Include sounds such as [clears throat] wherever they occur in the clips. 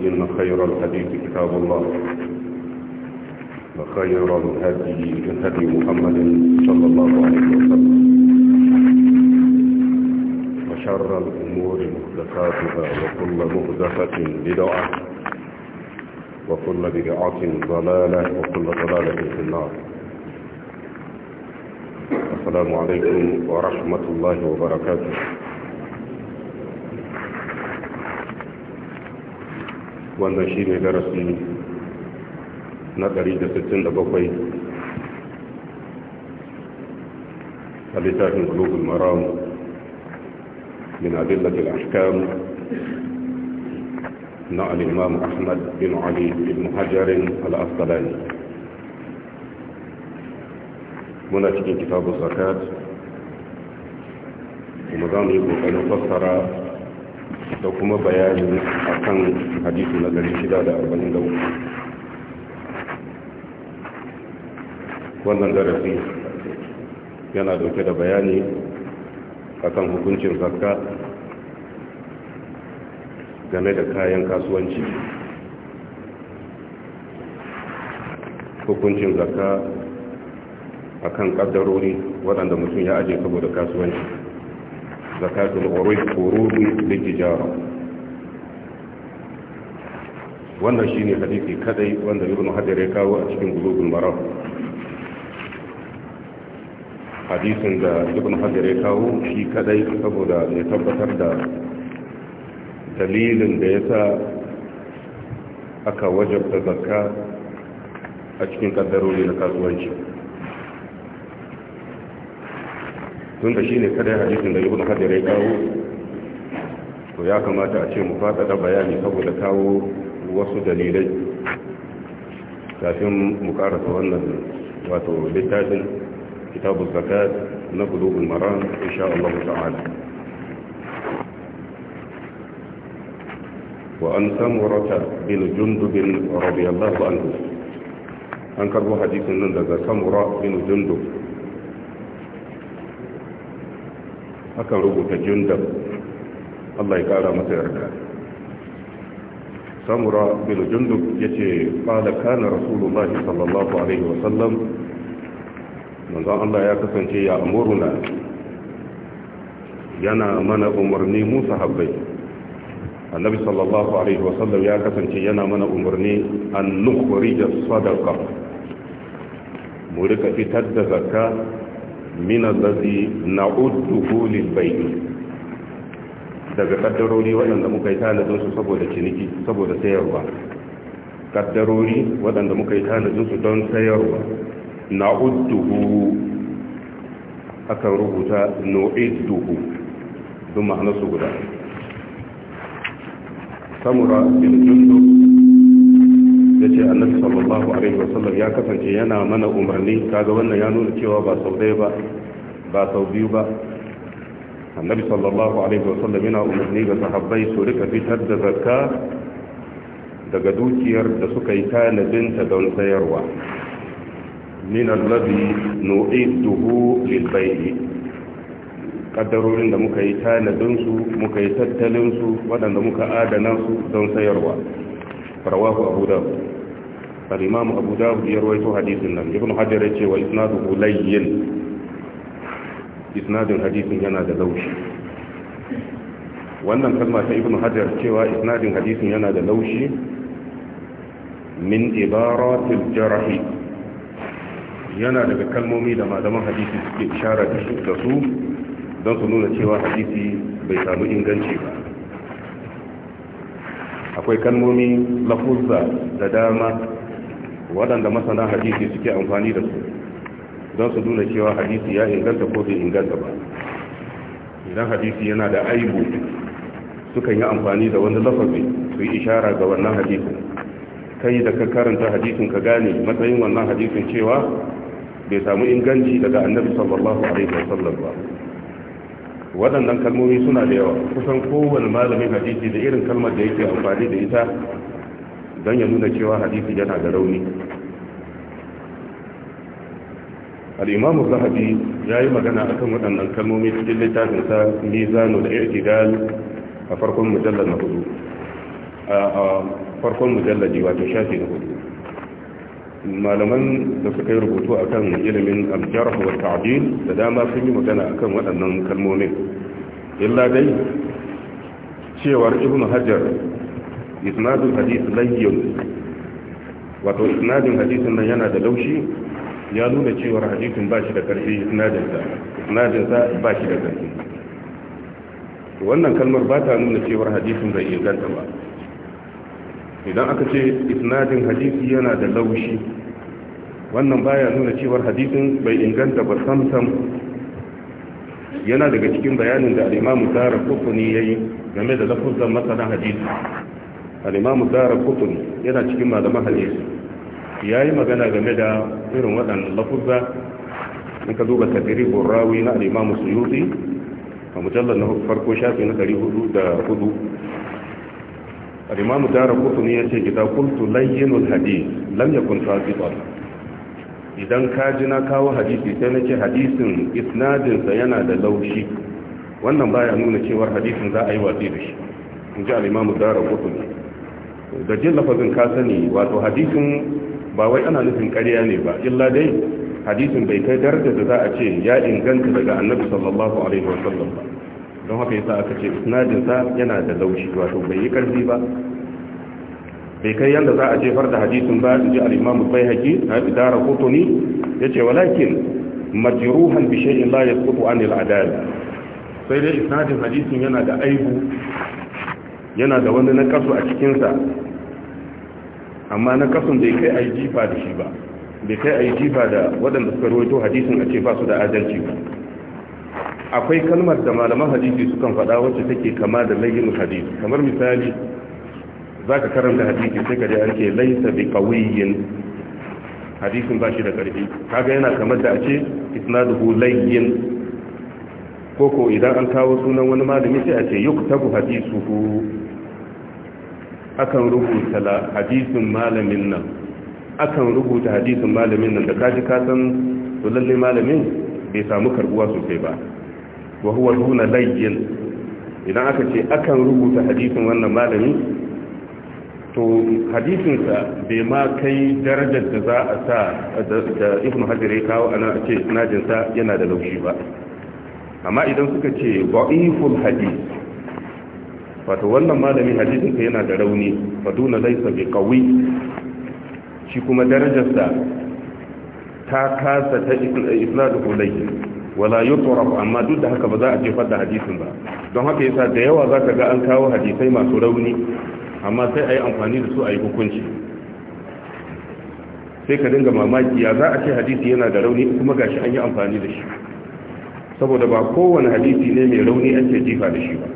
فإن خير الحديث كتاب الله وخير الهدي هدي محمد صلى الله عليه وسلم وشر الأمور محدثاتها وكل محدثة بدعة وكل بدعة ضلالة وكل ضلالة في النار السلام عليكم ورحمة الله وبركاته wannan shi ne darasi na 167 a littafin global maram min adillatul ahkam na al'imam ahmad bin ali bin hajjarin al'asqalani muna cikin kitabu zakat kuma za mu yi kokarin fassara da kuma bayani a kan hadisi na 643 wannan darasi yana dauke da bayani a kan hukuncin zakka game da kayan kasuwanci hukuncin zakka a kan ƙaddarori waɗanda mutum ya aje saboda kasuwanci zakatul urud litijara wannan ne hadisi kadai wanda ibn hajar ya kawo a cikin bulugul maram hadisin da ibn hajar ya kawo shi kadai saboda ya tabbatar da dalilin da ya sa aka wajabta zakka a cikin kaddarori na kasuwanci tun da shi ne kada hadisin da ibn hajar ya kawo to ya kamata a ce mu faɗaɗa bayani saboda kawo wasu dalilai kafin mu karasa wannan wato littafin kitabun zakat na gudubin maran insha Allah ta'ala wa an samurata bin jundubin radiyallahu anhu an karbo hadisin nan daga samura bin jundub akan rubuta jundab Allah ya kara masa yarda samura bin jundub yace qala kana rasulullahi sallallahu alaihi wa sallam manzon Allah ya kasance ya amuruna yana mana umarni mu sahabbai annabi sallallahu alaihi wa sallam ya kasance yana mana umarni an nukhrija sadaqa mu rika fitar da zakka min allazi na'udduhu lil bay'i daga kaddarori waɗanda muka yi tanadin su saboda ciniki saboda sayarwa kaddarori waɗanda muka yi tanadin su don sayarwa na na'udduhu akan rubuta 8 nu'idduhu don ma'anarsu guda samura bin jundub sallallahu alaihi wasallam ya kasance yana mana umarni kaga wannan ya nuna cewa ba sau ɗaya ba ba sau biyu ba annabi sallallahu alaihi wasallam yana umarni ga sahabbai su rika fitar da zakka daga dukiyar da suka yi tanadinta don sayarwa min allazi nu'iduhu lil bay'i kaddarorin da muka yi tanadin su muka yi tattalin su waɗanda muka adana su don sayarwa rawahu abu dawud al-imam abu dawud ya rawaito hadisin nan ibn hajar yace wa isnaduhu layyin isnadin hadisin yana da laushi wannan kalma ta ibn hajar cewa isnadin hadisin yana da laushi min ibaratil jarahi yana daga kalmomi da malaman hadisi suke ishara da su don su nuna cewa hadisi bai samu inganci ba akwai kalmomi lafuzza da dama waɗanda masana hadisi suke amfani da su don su nuna cewa hadisi ya inganta ko bai inganta ba idan hadisi yana da aibu sukan yi amfani da wani lafazi su yi ishara ga wannan hadisin kai da ka karanta hadisin ka gane matsayin wannan hadisin cewa bai samu inganci daga annabi sallallahu alaihi wasallam ba waɗannan kalmomi suna da yawa kusan kowane malamin hadisi da irin kalmar da yake amfani da ita don ya nuna cewa hadisi yana da rauni al'imamu zahabi ya yi magana a kan waɗannan kalmomi cikin littafinsa mizanu da irtigal a farkon mujallar na hudu a farkon mujallaji wato shafi na hudu malaman da suka yi rubutu a kan ilimin aljarh ta'adil da dama sun yi magana a kan waɗannan kalmomin illa dai cewar ibn hajar isnadul hadith layyin wato isnadin hadisin nan yana da laushi ya nuna cewar hadisin ba shi da karfi isnadinsa ba shi da karfi wannan kalmar ba ta nuna cewar hadisin bai inganta ba idan aka ce isnadin hadisi yana da laushi wannan baya nuna cewar hadisin bai inganta ba samsam yana daga cikin bayanin da al'imamu tara kufuni ya yi game da lafuzan masana hadisi al'imamu dara kutun yana cikin malaman hadisi ya yi magana game da irin waɗannan lafuzza in ka duba tadiribun rawi na al'imamu suyuti a mujallar na farko shafi na 404 al'imamu tsara kutun ya ce gida kultu layyinul hadis lam yakun fasiqan idan ka ji na kawo hadisi sai nake hadisin isnadinsa yana da laushi wannan baya nuna cewar hadisin za a yi watsi da shi in ji al'imamu dara kutun da jin lafazin ka sani wato hadisin ba wai ana nufin ƙarya ne ba illa dai hadisin bai kai darajar da za a ce ya inganta daga annabi sallallahu alaihi wa sallam ba don haka yasa aka ce isnadin sa yana da laushi wato bai yi karfi ba bai kai yanda za a jefar da hadisin ba ji al-imam al-baihaqi na idara Ya ce walakin majruhan bi shay'in la yasqutu an al-adala sai dai isnadin hadisin yana da aibu yana da wani nakasu a cikin sa amma na kasan bai kai a yi jifa da shi ba bai kai a yi jifa da waɗanda suka ruwaito hadisin a ce ba su da adalci ba akwai kalmar da malaman hadisi sukan faɗa wacce take kama da layin hadisi kamar misali za ka karanta hadisi sai ka je an ce laisa bi qawiyin hadisin ba shi da ƙarfi kaga yana kamar da a ce isnaduhu layyin koko idan an kawo sunan wani malami sai a ce yuktabu hadisuhu akan rubuta hadisin malamin nan akan rubuta hadisin malamin nan da kaji kasan to lalle malamin bai samu karbuwa sosai ba wa huwa duna layyin idan aka ce akan rubuta hadisin wannan malami to hadisinsa bai ma kai darajar da za a sa da ibn hajjar ya kawo ana ce najinsa yana da laushi ba amma idan suka ce ba'iful hadis wato wannan malami hadisin ka yana da rauni faduna laysa bi qawi shi kuma darajarsa ta kasa ta isnaduhu laysa wala yutraf amma duk da haka ba za a jefar da hadisin ba don haka yasa da yawa zaka ga an kawo hadisai masu rauni amma sai ayi amfani da su ayi hukunci sai ka dinga mamaki ya za a ce hadisi yana da rauni kuma gashi an yi amfani da shi saboda ba kowane hadisi ne mai rauni ake jifa da shi ba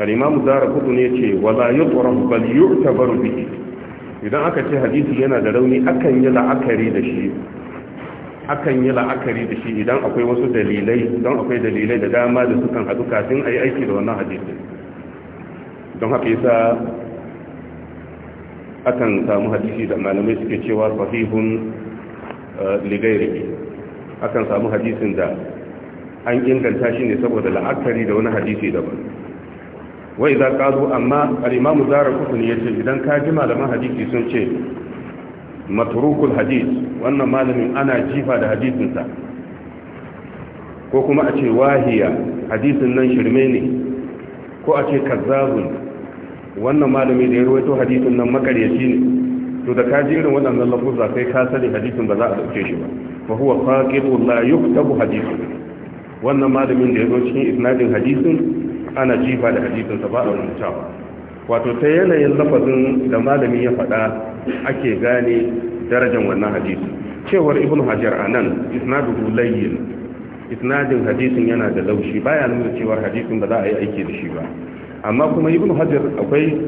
al-imam darakutu ne ce wala yutraf bal yu'tabaru bihi idan aka ce hadisi yana da rauni akan yi la'akari da shi akan yi la'akari da shi idan akwai wasu dalilai don akwai dalilai da dama da sukan haɗu kafin a yi aiki da wannan hadisi don haka yasa akan samu hadisi da malamai suke cewa sahihun eh, ligairiki akan samu hadisin da an inganta shi ne saboda la'akari da wani hadisi daban wai za ƙazo amma al'imamu zarar ne ya ce idan ka ji malaman hadisi sun ce maturukul hadis wannan malamin ana jifa da hadisinsa ko kuma a ce wahiya hadisin nan shirme ne ko a ce kazzabun wannan malami da ya ruwaito hadisin nan makaryaci ne to da ka ji irin waɗannan lafuzza kai ka sani hadisin ba za a ɗauke shi ba fa huwa faqidu la yuktabu hadisun wannan malamin da ya zo cikin isnadin hadisin ana jifa da hadisinsa ba a rubutawa wato ta yanayin lafazin da malami ya faɗa ake gane darajar wannan hadisi cewar ibn hajar a nan isnaduhu layyin isnadin hadisin yana da laushi baya nuna cewar hadisin ba za a yi aiki da shi ba amma kuma ibn hajar akwai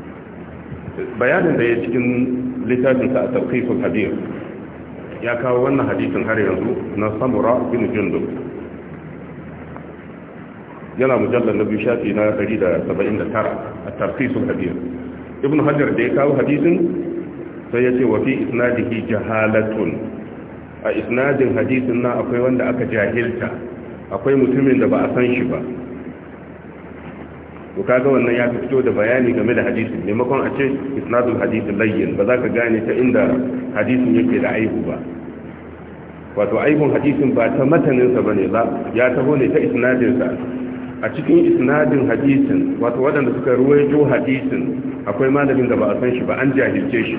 [clears throat] bayanin da ya cikin littafinsa a tafkifin hadir ya kawo wannan hadisin har yanzu na samura bin jundub yana mujallar na biyu shafi na 179 a tarfisun hadis ibn hajar da ya kawo hadisin sai ya ce wa fi isnadihi jahalatun a isnadin hadisin na akwai wanda aka jahilta akwai mutumin da ba a san shi ba Ku kaga wannan ya fito da bayani game da hadisin maimakon a ce isnadul hadisi layyin ba za ka gane ta inda hadisin yake da aibu ba wato aihun hadisin ba ta mataninsa ba ne ba ya taho ne ta sa a cikin isnadin hadisin wato waɗanda suka ruwaito hadisin akwai malamin da ba a san shi ba an jahilce shi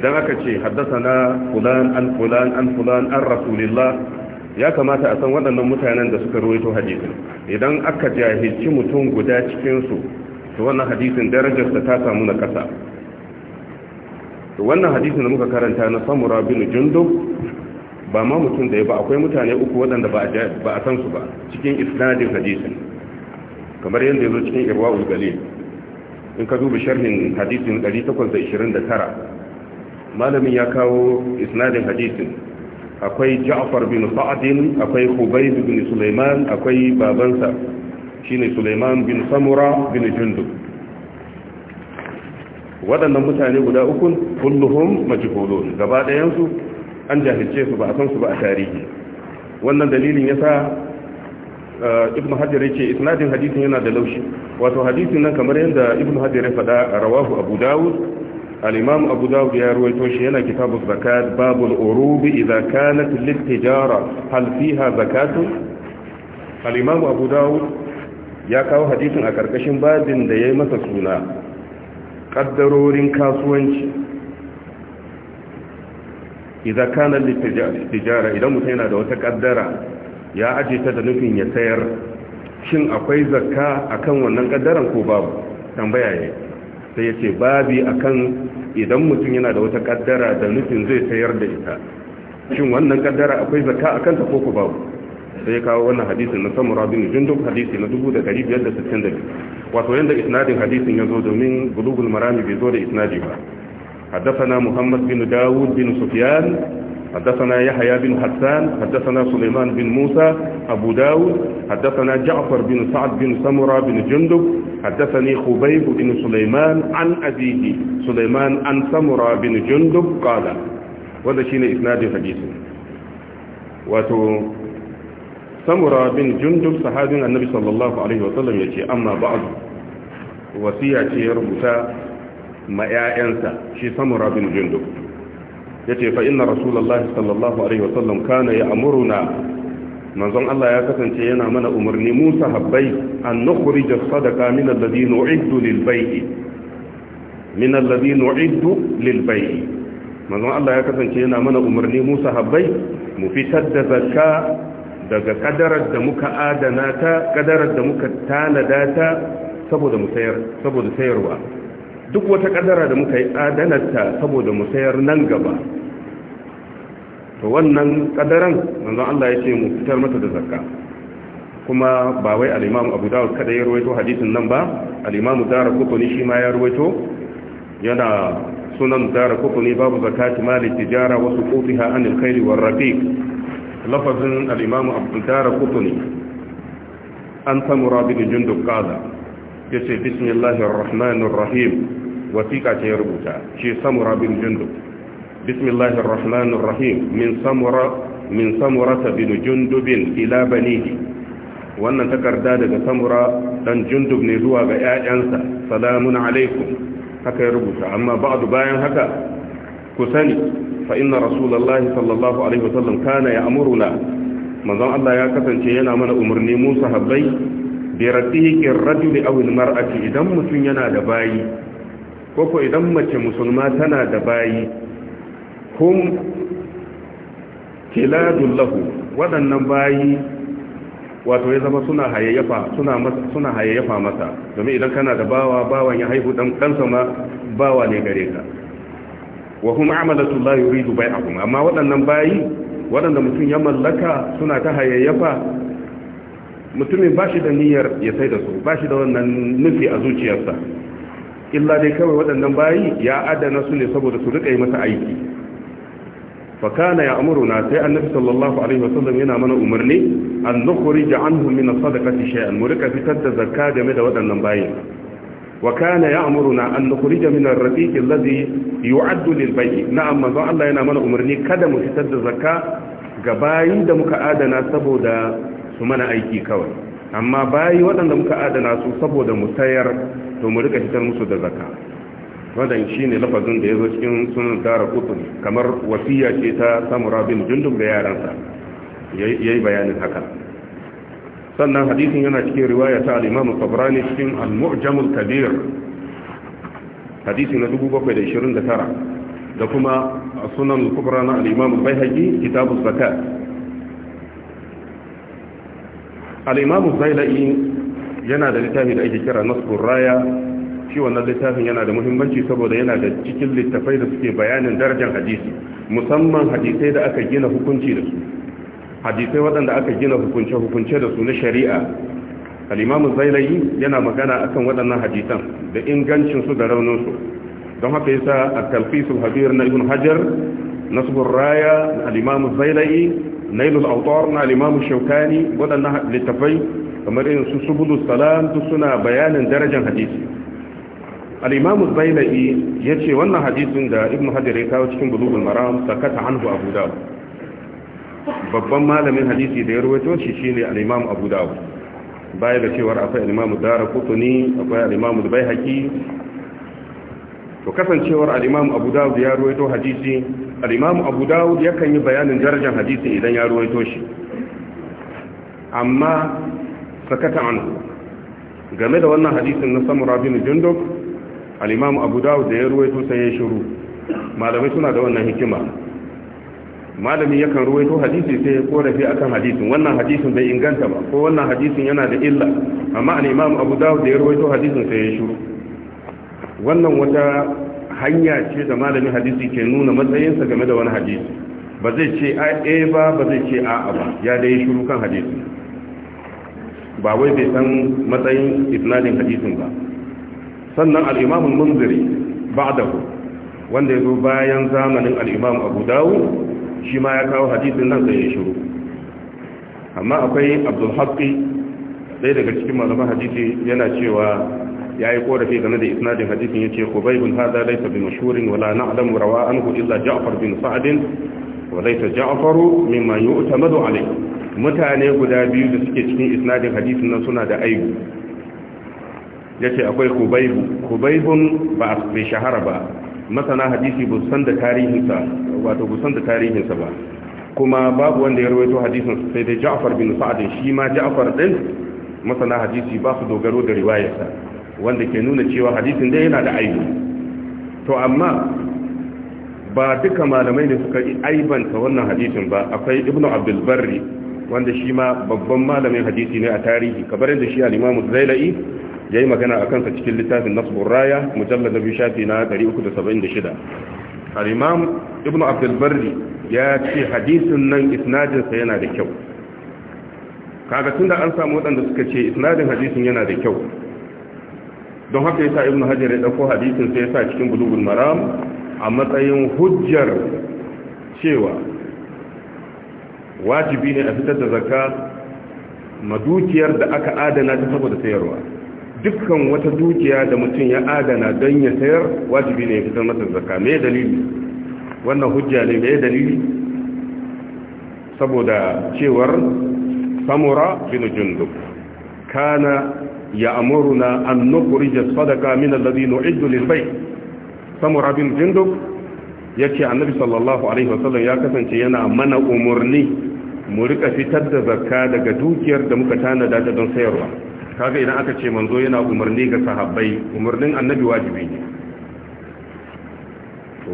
idan aka ce na fulan an fulan an fulan an rasulillah ya kamata a san waɗannan mutanen da suka ruwaito hadisin idan aka jahilci mutum guda cikinsu to wannan hadisin darajarsa ta samu na ƙasa wannan hadisin da muka karanta na samura bin jundub ba ma mutum da ya ba akwai mutane uku waɗanda ba a san su ba cikin isnadin hadisin kamar yadda ya zo cikin irwa galil in ka duba sharhin hadisin 829 malamin ya kawo isnadin hadisin akwai ja'afar bin sa'adin akwai hubai bin sulaiman akwai babansa shine sulaiman bin samura bin jundub waɗannan mutane guda ukun kulluhum majhulun gaba ɗayansu an jahilce su ba a san su ba a tarihi wannan dalilin yasa eh, ibn hajar yake isnadin hadisin yana da laushi wato hadisin nan kamar yadda ibn hajar ya faɗa rawahu abu dawud al-imam abu dawud ya ruwaito shi yana kitabu zakat babul urubi idza kanat lit-tijara hal fiha zakatun al-imam abu dawud ya kawo hadisin a karkashin babin da yayi masa suna kaddarorin kasuwanci idan kana tijara idan mutum yana da wata kaddara ya aje ta da nufin ya sayar shin akwai zakka akan wannan kaddaran ko babu tambaya ne sai ya ce babi akan idan mutum yana da wata kaddara da nufin zai sayar da ita shin wannan kaddara akwai zakka akan ta ko ko babu sai ya kawo wannan hadisin na samura bin jundub hadisi na 1562 wato yanda isnadin hadisin ya zo domin gudugul marami bai zo da isnadi ba حدثنا محمد بن داود بن سفيان حدثنا يحيى بن حسان حدثنا سليمان بن موسى أبو داود حدثنا جعفر بن سعد بن سمرة بن جندب حدثني خبيب بن سليمان عن أبيه سليمان عن سمرة بن جندب قال وذا شين إسناد حديث واتو سمرة بن جندب صحابي النبي صلى الله عليه وسلم يجي أما بعض وسيعة ربطة ma 'ya'yansa shi samura bin ya ce fa inna rasulullahi sallallahu alaihi wasallam kana ya'muruna manzon Allah ya kasance yana mana umarni Musa habbai an nukhrij da sadaqa min alladhi nu'iddu lil bay'i min alladhi nu'iddu lil bay'i manzon Allah ya kasance yana mana umarni Musa habbai mu fitar da zakka daga kadarar da muka adana ta kadarar da muka tanada ta saboda musayar saboda sayarwa duk wata kadara da muka yi adanarta saboda musayar nan gaba to wannan kadaran manzon Allah ya ce mu fitar mata da zakka kuma ba wai al-Imam Abu Dawud kada ya ruwaito hadisin nan ba al-Imam Darqutni shi ma ya ruwaito yana sunan Darqutni babu zakati mali tijara wa suqutiha an al-khayr war raqiq lafazin al-Imam Abu Darqutni an samura bin jundub qala yace bismillahir rahmanir rahim wasiƙa ce ya rubuta shi samura bin jundub bismillahir rahmanir rahim min samura min samurata bin jundubin ila banihi wannan takarda daga samura dan jundub ne zuwa ga ƴaƴansa salamun alaikum haka ya rubuta amma ba'du bayan haka ku sani fa inna rasulullahi sallallahu alaihi wasallam kana ya'muruna manzon Allah ya kasance yana mana umarni mu sahabbai bi ratiqir rajuli aw al mar'ati idan mutun yana da bayi koko idan mace musulma tana da bayi hum kiladun lahu waɗannan bayi wato ya zama suna hayayyafa suna masa suna hayayyafa masa domin idan kana da bawa bawan ya haihu dan ɗansa ma bawa ne gare ka wa hum amalatu la yuridu bai'ahum amma waɗannan bayi waɗanda mutum ya mallaka suna ta hayayyafa mutumin ba shi da niyyar ya sai da su ba shi da wannan nufi a zuciyarsa illa dai kawai waɗannan bayi ya adana su ne saboda su rika yi masa aiki fa kana ya amuruna sai annabi sallallahu alaihi wasallam yana mana umarni an nukhrij anhum min as-sadaqati shay'an mu rika fitar da zakka game da waɗannan bayi wa kana ya amuruna an nukhrij min ar-raqiq alladhi yu'addu lil-bay' na'am manzo Allah yana mana umarni kada mu fitar da zakka ga bayin da muka adana saboda su mana aiki kawai amma bayi waɗanda muka adana su saboda mu sayar to mu rika fitar musu da zakka shi shine lafazin da yazo cikin sunan dara kutun kamar wasiya ce ta samura bin jundub ga yaransa yayi bayanin haka sannan hadisin yana cikin riwaya ta al-Imam Tabrani cikin al-Mu'jam al-Kabir hadisi na 729 da kuma sunan al-Kubra na al-Imam Baihaqi kitabuz zakat al'imamu zaila'i yana da littafin da ake kira nasbun raya shi wannan littafin yana da muhimmanci saboda yana da cikin littafai da suke bayanin darajar hadisi musamman hadisai da aka gina hukunci da su hadisai waɗanda aka gina hukunce-hukunce da su na shari'a al'imamu zailayi yana magana akan waɗannan hadisan da ingancinsu da rauninsu don haka yasa a talfisul habir na ibn hajar nasbur raya al'imamu zailayi nailul autar na limamu shaukani waɗannan littafai kamar irin su subulu salam duk suna bayanin darajar hadisi al-imamu zainai ya ce wannan hadisin da ibn hajar ya kawo cikin bulugul maram sakata anhu abu dawud babban malamin hadisi da ya ruwaito shi shine al-imamu abu dawud baya da cewar akwai al dara kutuni akwai al-imamu baihaqi to kasancewar al-imamu abu dawud ya ruwaito hadisi Alimamu abu dawud yakan yi bayanin darajar hadisi idan ya ruwaito shi amma sakata anhu game da wannan hadisin na samun bin jundub Alimamu abu dawud da ya ruwaito sai ya shuru malamai suna da wannan hikima malami yakan ruwaito hadisi sai ya korafi kan hadisin wannan hadisin bai inganta ba ko wannan hadisin yana da illa amma Alimamu abu dawud da ya ruwaito hadisin sai ya shuru wannan wata hanya ce da malamin hadisi ke nuna matsayinsa game da wani hadisi ba zai ce a ba ba zai ce a ba ya dai shiru kan hadisi ba wai bai san matsayin isnadin hadisin ba sannan al'imamun imam ba munziri ku wanda ya zo bayan zamanin al'imam Abu dawo shi ma ya kawo hadisin nan sai ya shiru amma akwai Abdul ɗaya daga cikin malaman hadisi yana cewa ya yi korafi game da isnadin hadisin ya ce kubaibun hada laisa bi mashhurin wala na'lamu rawa anhu illa ja'far bin sa'd wa laisa ja'faru mimma yu'tamadu alayh mutane guda biyu da suke cikin isnadin hadisin nan suna da aibu yace akwai kubaibu kubaibun ba bai shahara ba masana hadisi bu san da tarihinsa wato bu san da tarihinsa ba kuma babu wanda ya rawaito hadisin sai dai Ja'far bin Sa'd shi ma Ja'far din masana hadisi ba su dogaro da riwayarsa wanda ke nuna cewa hadisin dai yana da aibu to amma ba duka malamai ne suka aibanta wannan hadisin ba akwai ibnu abdul barri wanda shi ma babban malamin hadisi ne a tarihi kabarin da shi al-imamu zailai yayi magana a kansa cikin littafin nasbur raya mujallad bi shafi na 376 al-imam ibnu abdul barri ya ce hadisin nan isnadin yana da kyau kaga tun da an samu wadanda suka ce isnadin hadisin yana da kyau don haka yasa ibnu hajar ya dauko hadisin sai yasa cikin bulugul maram a matsayin hujjar cewa wajibi ne a fitar da zakka madukiyar da aka adana ta saboda sayarwa dukkan wata dukiya da mutum ya adana don ya sayar wajibi ne ya fitar masa zakka me dalili wannan hujja ne me dalili saboda cewar samura bin jundub kana ya amuruna an nufuri da sadaka min alladhi nu'iddu lil bayt samura bin yace annabi sallallahu alaihi wasallam ya kasance yana mana umarni mu rika fitar da zakka daga dukiyar da muka tanada ta don sayarwa kaga idan aka ce manzo yana umarni ga sahabbai umarnin annabi wajibi ne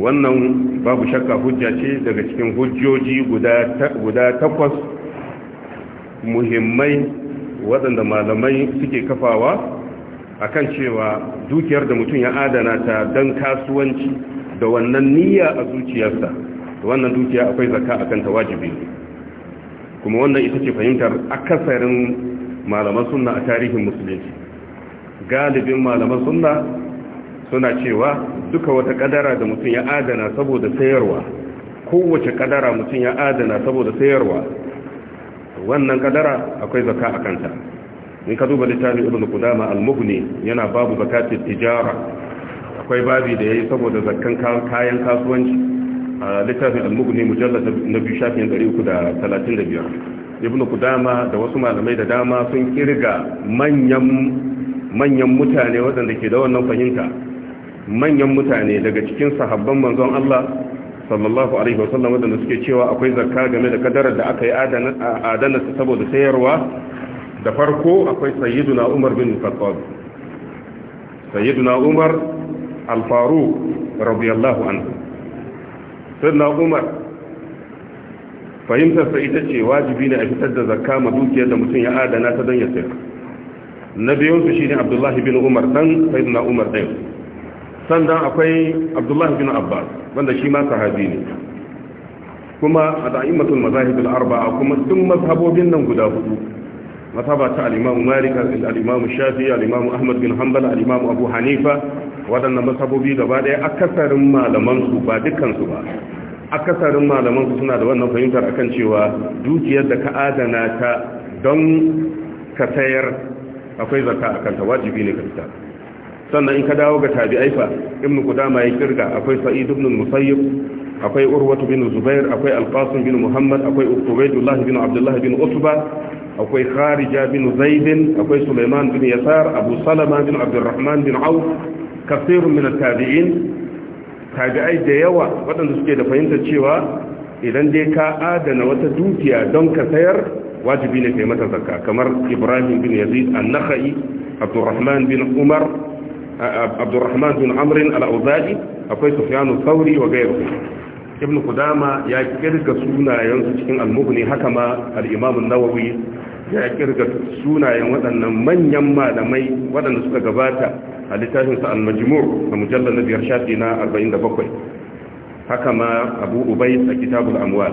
wannan babu shakka hujja ce daga cikin hujjoji guda guda takwas muhimmai waɗanda malamai suke kafawa akan cewa dukiyar da mutum ya adana ta don kasuwanci da wannan niyya a zuciyarsa wannan dukiya akwai zaka a kanta wajibi kuma wannan ita ce fahimtar akasarin malaman suna a tarihin musulunci galibin malaman suna suna cewa duka wata kadara da mutum ya adana saboda sayarwa kowace kadara mutum ya adana saboda sayarwa wannan kadara akwai zaka a kanta in ka duba littafin ibn qudama al-mughni yana babu zakatul tijara akwai babi da yayi saboda zakkan kayan kasuwanci a littafin al-mughni mujallad na biyu shafin 335 ibn qudama da wasu malamai da dama sun kirga manyan manyan mutane waɗanda ke da wannan fahimta manyan mutane daga cikin sahabban manzon Allah sallallahu alaihi wasallam wadanda suke cewa akwai zakka game da kadarar da aka yi adana saboda sayarwa da farko akwai sayyiduna umar bin khattab sayyiduna umar al-faruq radiyallahu anhu sayyiduna umar sa ita ce wajibi ne a fitar da zakka ma dukiyar da mutum ya adana ta don ya sayar na biyunsu shine abdullahi bin umar dan sayyiduna umar ɗaya sannan akwai abdullahi bin abbas wanda shi ma sahabi ne kuma a da'imatul mazahib al-arba'a kuma duk mazhabobin nan guda hudu mazhaba ta al-imam malik al-imam shafi'i al-imam ahmad bin hanbal al-imam abu hanifa wadannan mazhabobi gaba daya akasarin malaman su ba dukkan su ba akasarin malaman su suna da wannan fahimtar akan cewa dukiyar da ka adana ta don ka sayar akwai zakka akan ta wajibi ne ka fita. sannan in ka dawo ga tabi'ai fa ibnu qudama ya kirga akwai sa'id ibn musayyib akwai urwatu bin zubair akwai alqasim bin muhammad akwai ubaydullah bin abdullah bin usba akwai kharija bin zaid akwai sulaiman bin yasar abu salama bin abdurrahman bin auf kasirun min tabi'in tabi'ai da yawa waɗanda suke da fahimtar cewa idan dai ka adana wata dukiya don ka sayar wajibi ne kai mata zakka kamar ibrahim bin yazid an-nakhai abdurrahman bin umar abdurrahman bin amrin al-auza'i akwai sufyanu sauri wa gairu ibnu kudama ya kirga sunayensu cikin al-mughni haka ma al nawawi ya kirga sunayen waɗannan manyan malamai waɗanda suka gabata a littafin sa al-majmu' a na biyar shafi na 47 haka ma abu ubayd a kitabul amwal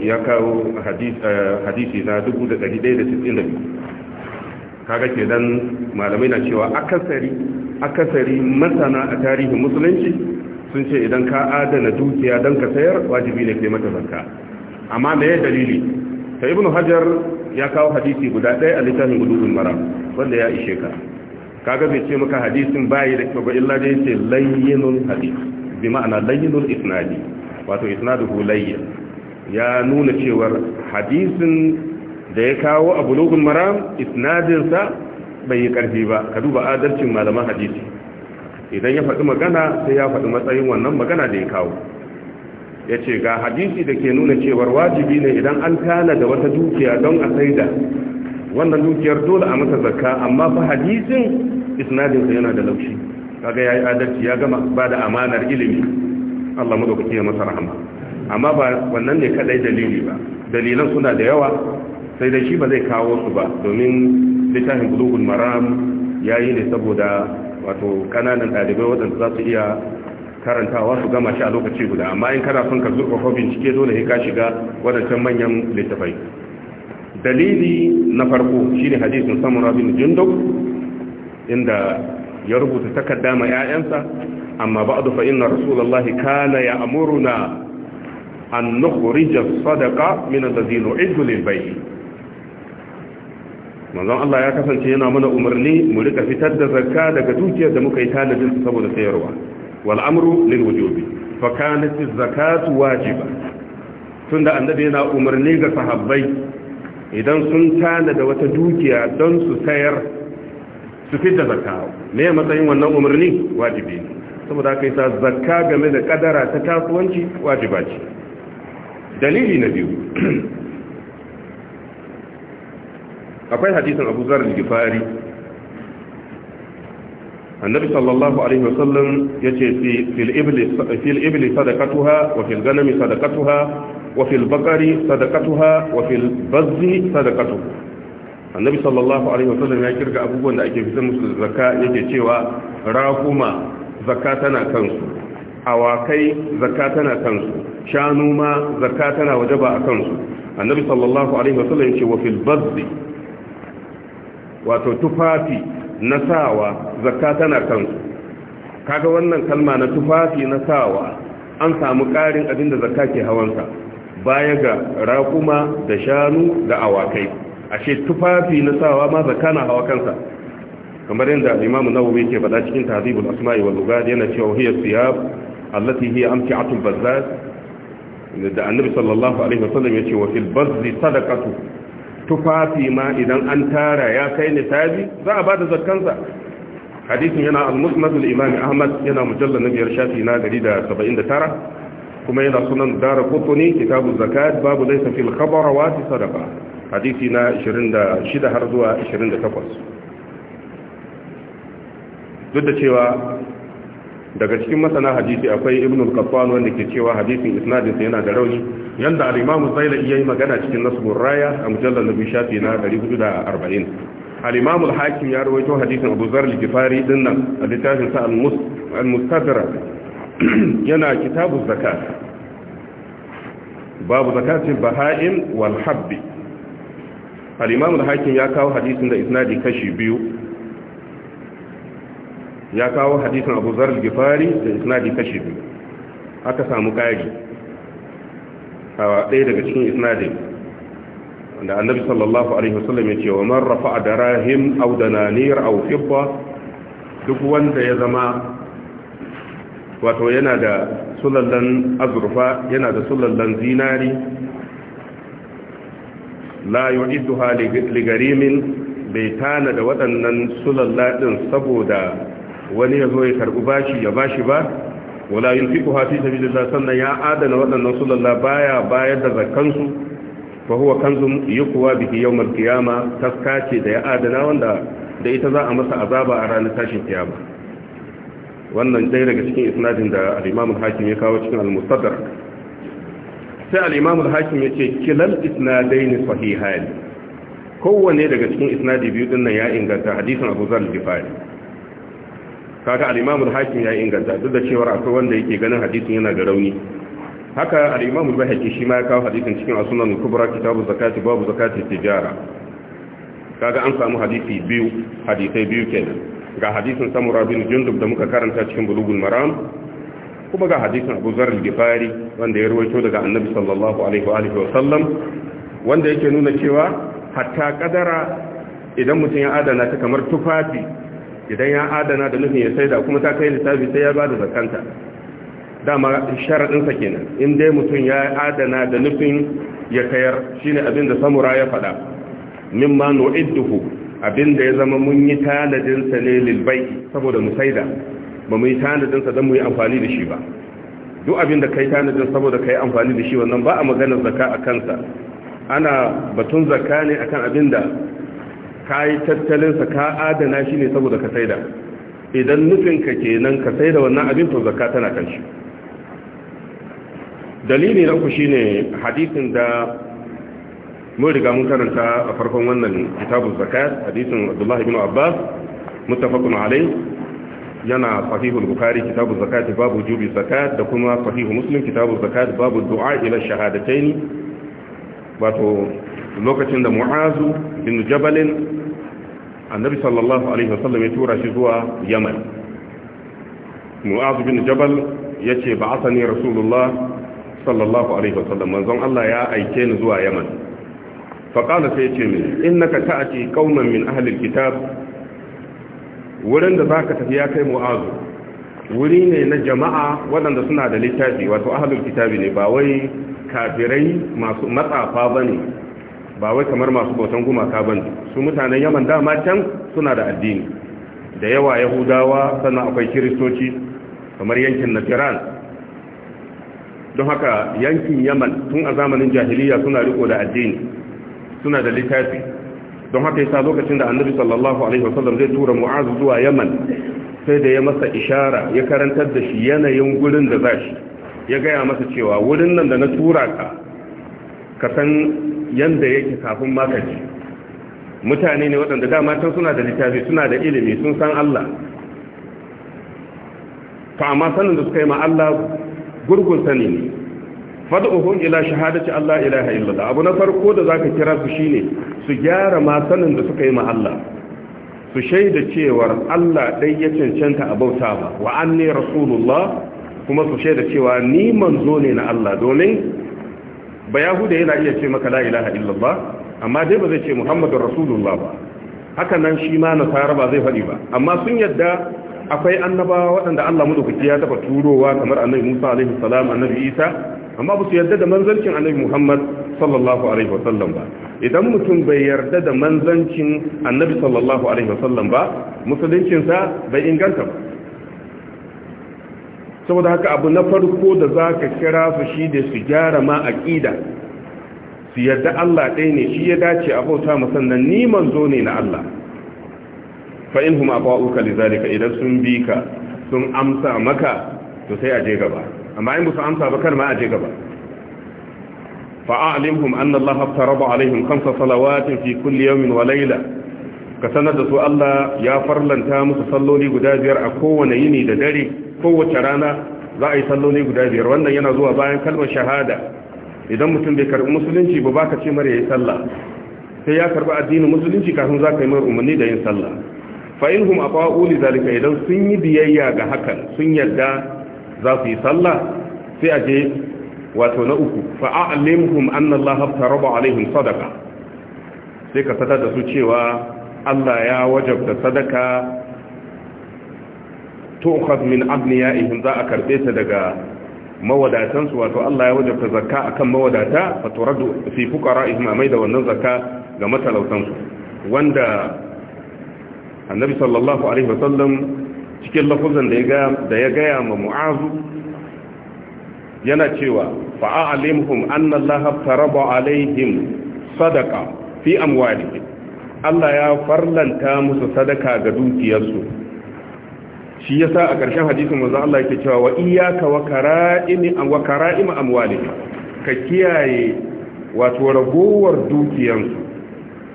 ya kawo hadisi na 1192 kaga ke dan malamai na cewa akasari akasari masana a tarihin musulunci sun ce idan ka adana dukiya don ka sayar wajibi ne kai mata zakka amma me ya dalili ta ibnu hajar ya kawo hadisi guda ɗaya a littafin gududun mara wanda ya ishe ka kaga bai ce maka hadisin bayi da kyau illa dai ce layyinul hadis bi ma'ana layyinul isnadi wato isnaduhu layyin ya nuna cewar hadisin da ya kawo a bulugun maram isnadinsa bai yi ƙarfi ba ka duba adalcin malaman hadisi idan ya faɗi magana sai ya faɗi matsayin wannan magana da ya kawo ya ce ga hadisi da ke nuna cewar wajibi ne idan an tana da wata dukiya don a saida wannan dukiyar dole a masa zakka amma fa hadisin isnadinsa yana da laushi kaga ya yi adalci ya gama ba da amanar ilimi allah ya masa rahama amma ba wannan ne kadai dalili ba dalilan suna da yawa sai dai shi ba zai kawo su ba domin littafin bulugul maram ya yi ne saboda wato kananan ɗalibai waɗanda za su iya karantawa su gama shi a lokaci guda amma in kana son ka bincike dole sai ka shiga waɗancan manyan littafai dalili na farko shine hadisin samura bin jundub inda ya rubuta takarda ma 'ya'yansa amma ba'du fa inna rasulullahi kana ya'muruna an nukhrija sadaqa min alladhi nu'iddu lil bayt manzon Allah ya kasance yana mana umarni mu rika fitar da zakka daga dukiyar da muka yi tanadin su saboda sayarwa wal amru lil wujubi fa kanat zakatu wajiba tunda annabi yana umarni ga sahabbai idan sun tana da wata dukiya don su sayar su fitar da zakka me matsayin wannan umarni wajibi saboda kai sa, zakka game da kadara ta kasuwanci wajiba ce dalili na biyu akwai hadisin abu zarar gifari annabi sallallahu alaihi wasallam ya ce fil ibli sadakatuha wa fil ganami sadakatuha wa fil bakari sadakatuha wa fil bazzi sadakatu annabi sallallahu alaihi wasallam ya kirga abubuwan da ake fitar musu da ya ke cewa rakuma zakka tana kansu awakai zakka tana kansu shanu ma zakka tana wajaba a kansu annabi sallallahu alaihi wasallam ya ce wa fil bazzi wato tufafi na sawa zakka tana kansu kaga wannan kalma na tufafi na sawa an samu ƙarin abinda da zakka ke hawansa baya ga raƙuma da shanu da awakai ashe tufafi na sawa ma zakka na hawa kansa kamar yadda imamu nawawi ke faɗa cikin tahdhibul asma'i wal lugat yana cewa hiya siyab allati hiya amti'atul bazzaz da annabi sallallahu alaihi wasallam ce wa fil bazzi sadaqatu tufafi ma idan an tara ya kai nisabi za a bada zakkansa hadisin yana al-musnad imam ahmad yana mujallar na biyar shafi na 179 kuma yana sunan daraqutni kitabu zakat babu laysa fil khabara wa sadaqa hadisi na 26 har zuwa 28 duk da cewa daga cikin masana hadisi akwai ibn al-qattan wanda ke cewa hadisin isnadinsa yana da rauni yanda al-imam zailai yayi magana cikin nasbur raya a mujallal nabi shafi na 440 al-imam al-hakim ya rawaito hadisin abu zar al-gifari dinnan a littafin sa al-mustadrak [clears throat] yana kitabu zakat babu zakatil baha'im wal habbi al-imam al-hakim ya kawo hadisin da isnadi kashi biyu ya kawo hadisin abu zarar gifari da isnadi kashi biyu aka samu ƙari. a ɗaya daga cikin isnadi da annabi sallallahu alaihi wasallam ya ce wa man rafa'a darahim aw duk wanda ya zama wato yana da sulallan azurfa yana da sulallan zinari la yu'idduha li garimin bai tana da waɗannan sulalla saboda wani ya zo ya karbi bashi ya bashi ba wala yunfiquha fi sabilillah sannan ya adana waɗannan sulalla baya bayar da zakansu ba huwa kanzum biki yau mai kiyama ta taskace da ya adana wanda da ita za a masa azaba a ranar tashin kiyama wannan dai daga cikin isnadin da al hakim ya kawo cikin al sai al hakim ya ce kilal isnadai ne sahihai kowanne daga cikin isnadi biyu dinnan ya inganta hadisin Abu Zar al kaga al-Imam al-Hakim ya inganta duk da cewa akwai wanda yake ganin hadisin yana da rauni haka al-Imam al-Bahaqi shi ma ya kawo hadisin cikin As-Sunan al-Kubra kitabu zakati babu zakati tijara kaga an samu hadisi biyu hadisai biyu kenan ga hadisin Samura bin Jundub da muka karanta cikin Bulughul Maram kuma ga hadisin Abu Zar al-Ghifari wanda ya ruwaito daga Annabi sallallahu alaihi wa alihi wa sallam wanda yake nuna cewa hatta kadara idan mutum ya adana ta kamar tufafi idan ya adana da nufin ya saida kuma ta kai lissafi sai ya ba da zakanta dama sharaɗinsa kenan in dai mutum ya adana da nufin ya kayar shine abin da samura ya faɗa ma nu'idduhu abin da ya zama mun yi tanadinsa ne lilbai saboda mu saida ba mu yi tanadinsa don mu yi amfani da shi ba duk abin da kai tanadin saboda kai amfani da shi wannan ba a maganar zakka a kansa ana batun zakka ne akan abin ka yi tattalinsa ka adana shi ne saboda ka saida idan nufinka kenan ka saida wannan abin to zakka tana kan shi dalili na ku shine hadisin da mun riga mun karanta a farkon wannan kitabun zakat hadisin Abdullah ibn Abbas muttafaqun alayh yana al bukhari kitabu zakat babu jubi zakat da kuma sahih muslim kitabun zakat babu du'a ila shahadatayn wato lokacin da mu'azu bin jabalin annabi sallallahu alaihi wasallam ya tura shi zuwa yaman mu'az bin jabal yace ba'athani rasulullah sallallahu alaihi wasallam manzon Allah ya aike ni zuwa yaman faqala sai yace min innaka ta'ati qauman min ahli alkitab wurin da zaka tafi ya kai mu'az wuri ne na jama'a waɗanda suna da littafi wato ahlul kitabi ne ba wai kafirai masu matsafa bane ba wai kamar masu bautan gumaka ba su mutanen yaman dama can suna da addini da yawa yahudawa sannan akwai kiristoci kamar yankin nafiran don haka yankin yaman tun a zamanin jahiliya suna riko da addini suna da littafi don haka yasa lokacin da annabi sallallahu alaihi wasallam zai tura mu'azu zuwa yaman sai da ya masa ishara ya karantar da shi yanayin gurin da zashi ya gaya masa cewa wurin nan da na tura ka ka san yanda yake kafin makaci mutane ne waɗanda dama can suna da littafi suna da ilimi sun san Allah fa amma sanin da suka yi ma Allah gurgun sani ne fad'uhum ila shahadati Allah ilaha illallah abu na farko da zaka kira su shine su gyara ma sanin da suka yi ma Allah su shaida cewar Allah dai ya cancanta a bauta ba wa anni rasulullah kuma su shaida cewa ni manzo ne na Allah domin ba yahuda yana iya ce maka la ilaha illallah amma dai ba zai ce muhammadur rasulullah ba haka nan shi ma nasara ba zai faɗi ba amma sun yadda akwai annabawa waɗanda Allah madaukaki ya taɓa turowa kamar annabi Musa alaihi salam annabi Isa amma ba su yarda da manzancin annabi Muhammad sallallahu alaihi wasallam ba idan mutum bai yarda da manzancin annabi sallallahu alaihi wasallam ba musuluncinsa bai inganta ba saboda haka abu na farko da za ka kira su shi da su gyara ma a ƙida su yadda Allah ɗai ne shi ya dace a bauta musannan ni zo ne na Allah fa'in huma ba'uka lizalika idan sun bi ka sun amsa maka to sai a je gaba amma in busu amsa ba kar ma a je gaba fa'alimhum anna Allah aftaraba alaihim khamsa salawatin fi kulli yawmin wa layla ka sanar da su Allah ya farlanta musu salloli guda biyar a kowane yini da dare kowace rana za a yi salloli guda biyar wannan yana zuwa bayan kalmar shahada idan mutum bai karbi musulunci ba baka ce mara yayi sallah sai ya karbi addinin musulunci kafin za ka yi mara umarni da yin sallah fa in hum aqa'u li zalika idan sun yi biyayya ga hakan sun yarda za su yi sallah sai a je wato na uku fa a'limhum anna Allah aftaraba alaihim sadaqa sai ka sadar da su cewa Allah ya wajabta sadaka tukhad min abniyaihim za a karbe ta daga mawadatan su wato Allah ya wajabta zakka akan mawadata fa turadu fi fuqara'ihim amai da wannan zakka ga matalautan su wanda annabi sallallahu alaihi wasallam cikin lafazan da ya ga da ya gaya ma mu'azu yana cewa fa'alimhum anna Allah taraba alaihim sadaqa fi amwalihim Allah ya farlanta musu sadaka ga dukiyarsu shi yasa a ƙarshen hadisin manzo Allah yake cewa wa iyyaka wa kara'imi an wa kara'ima amwalihim ka kiyaye wato ragowar dukiyansu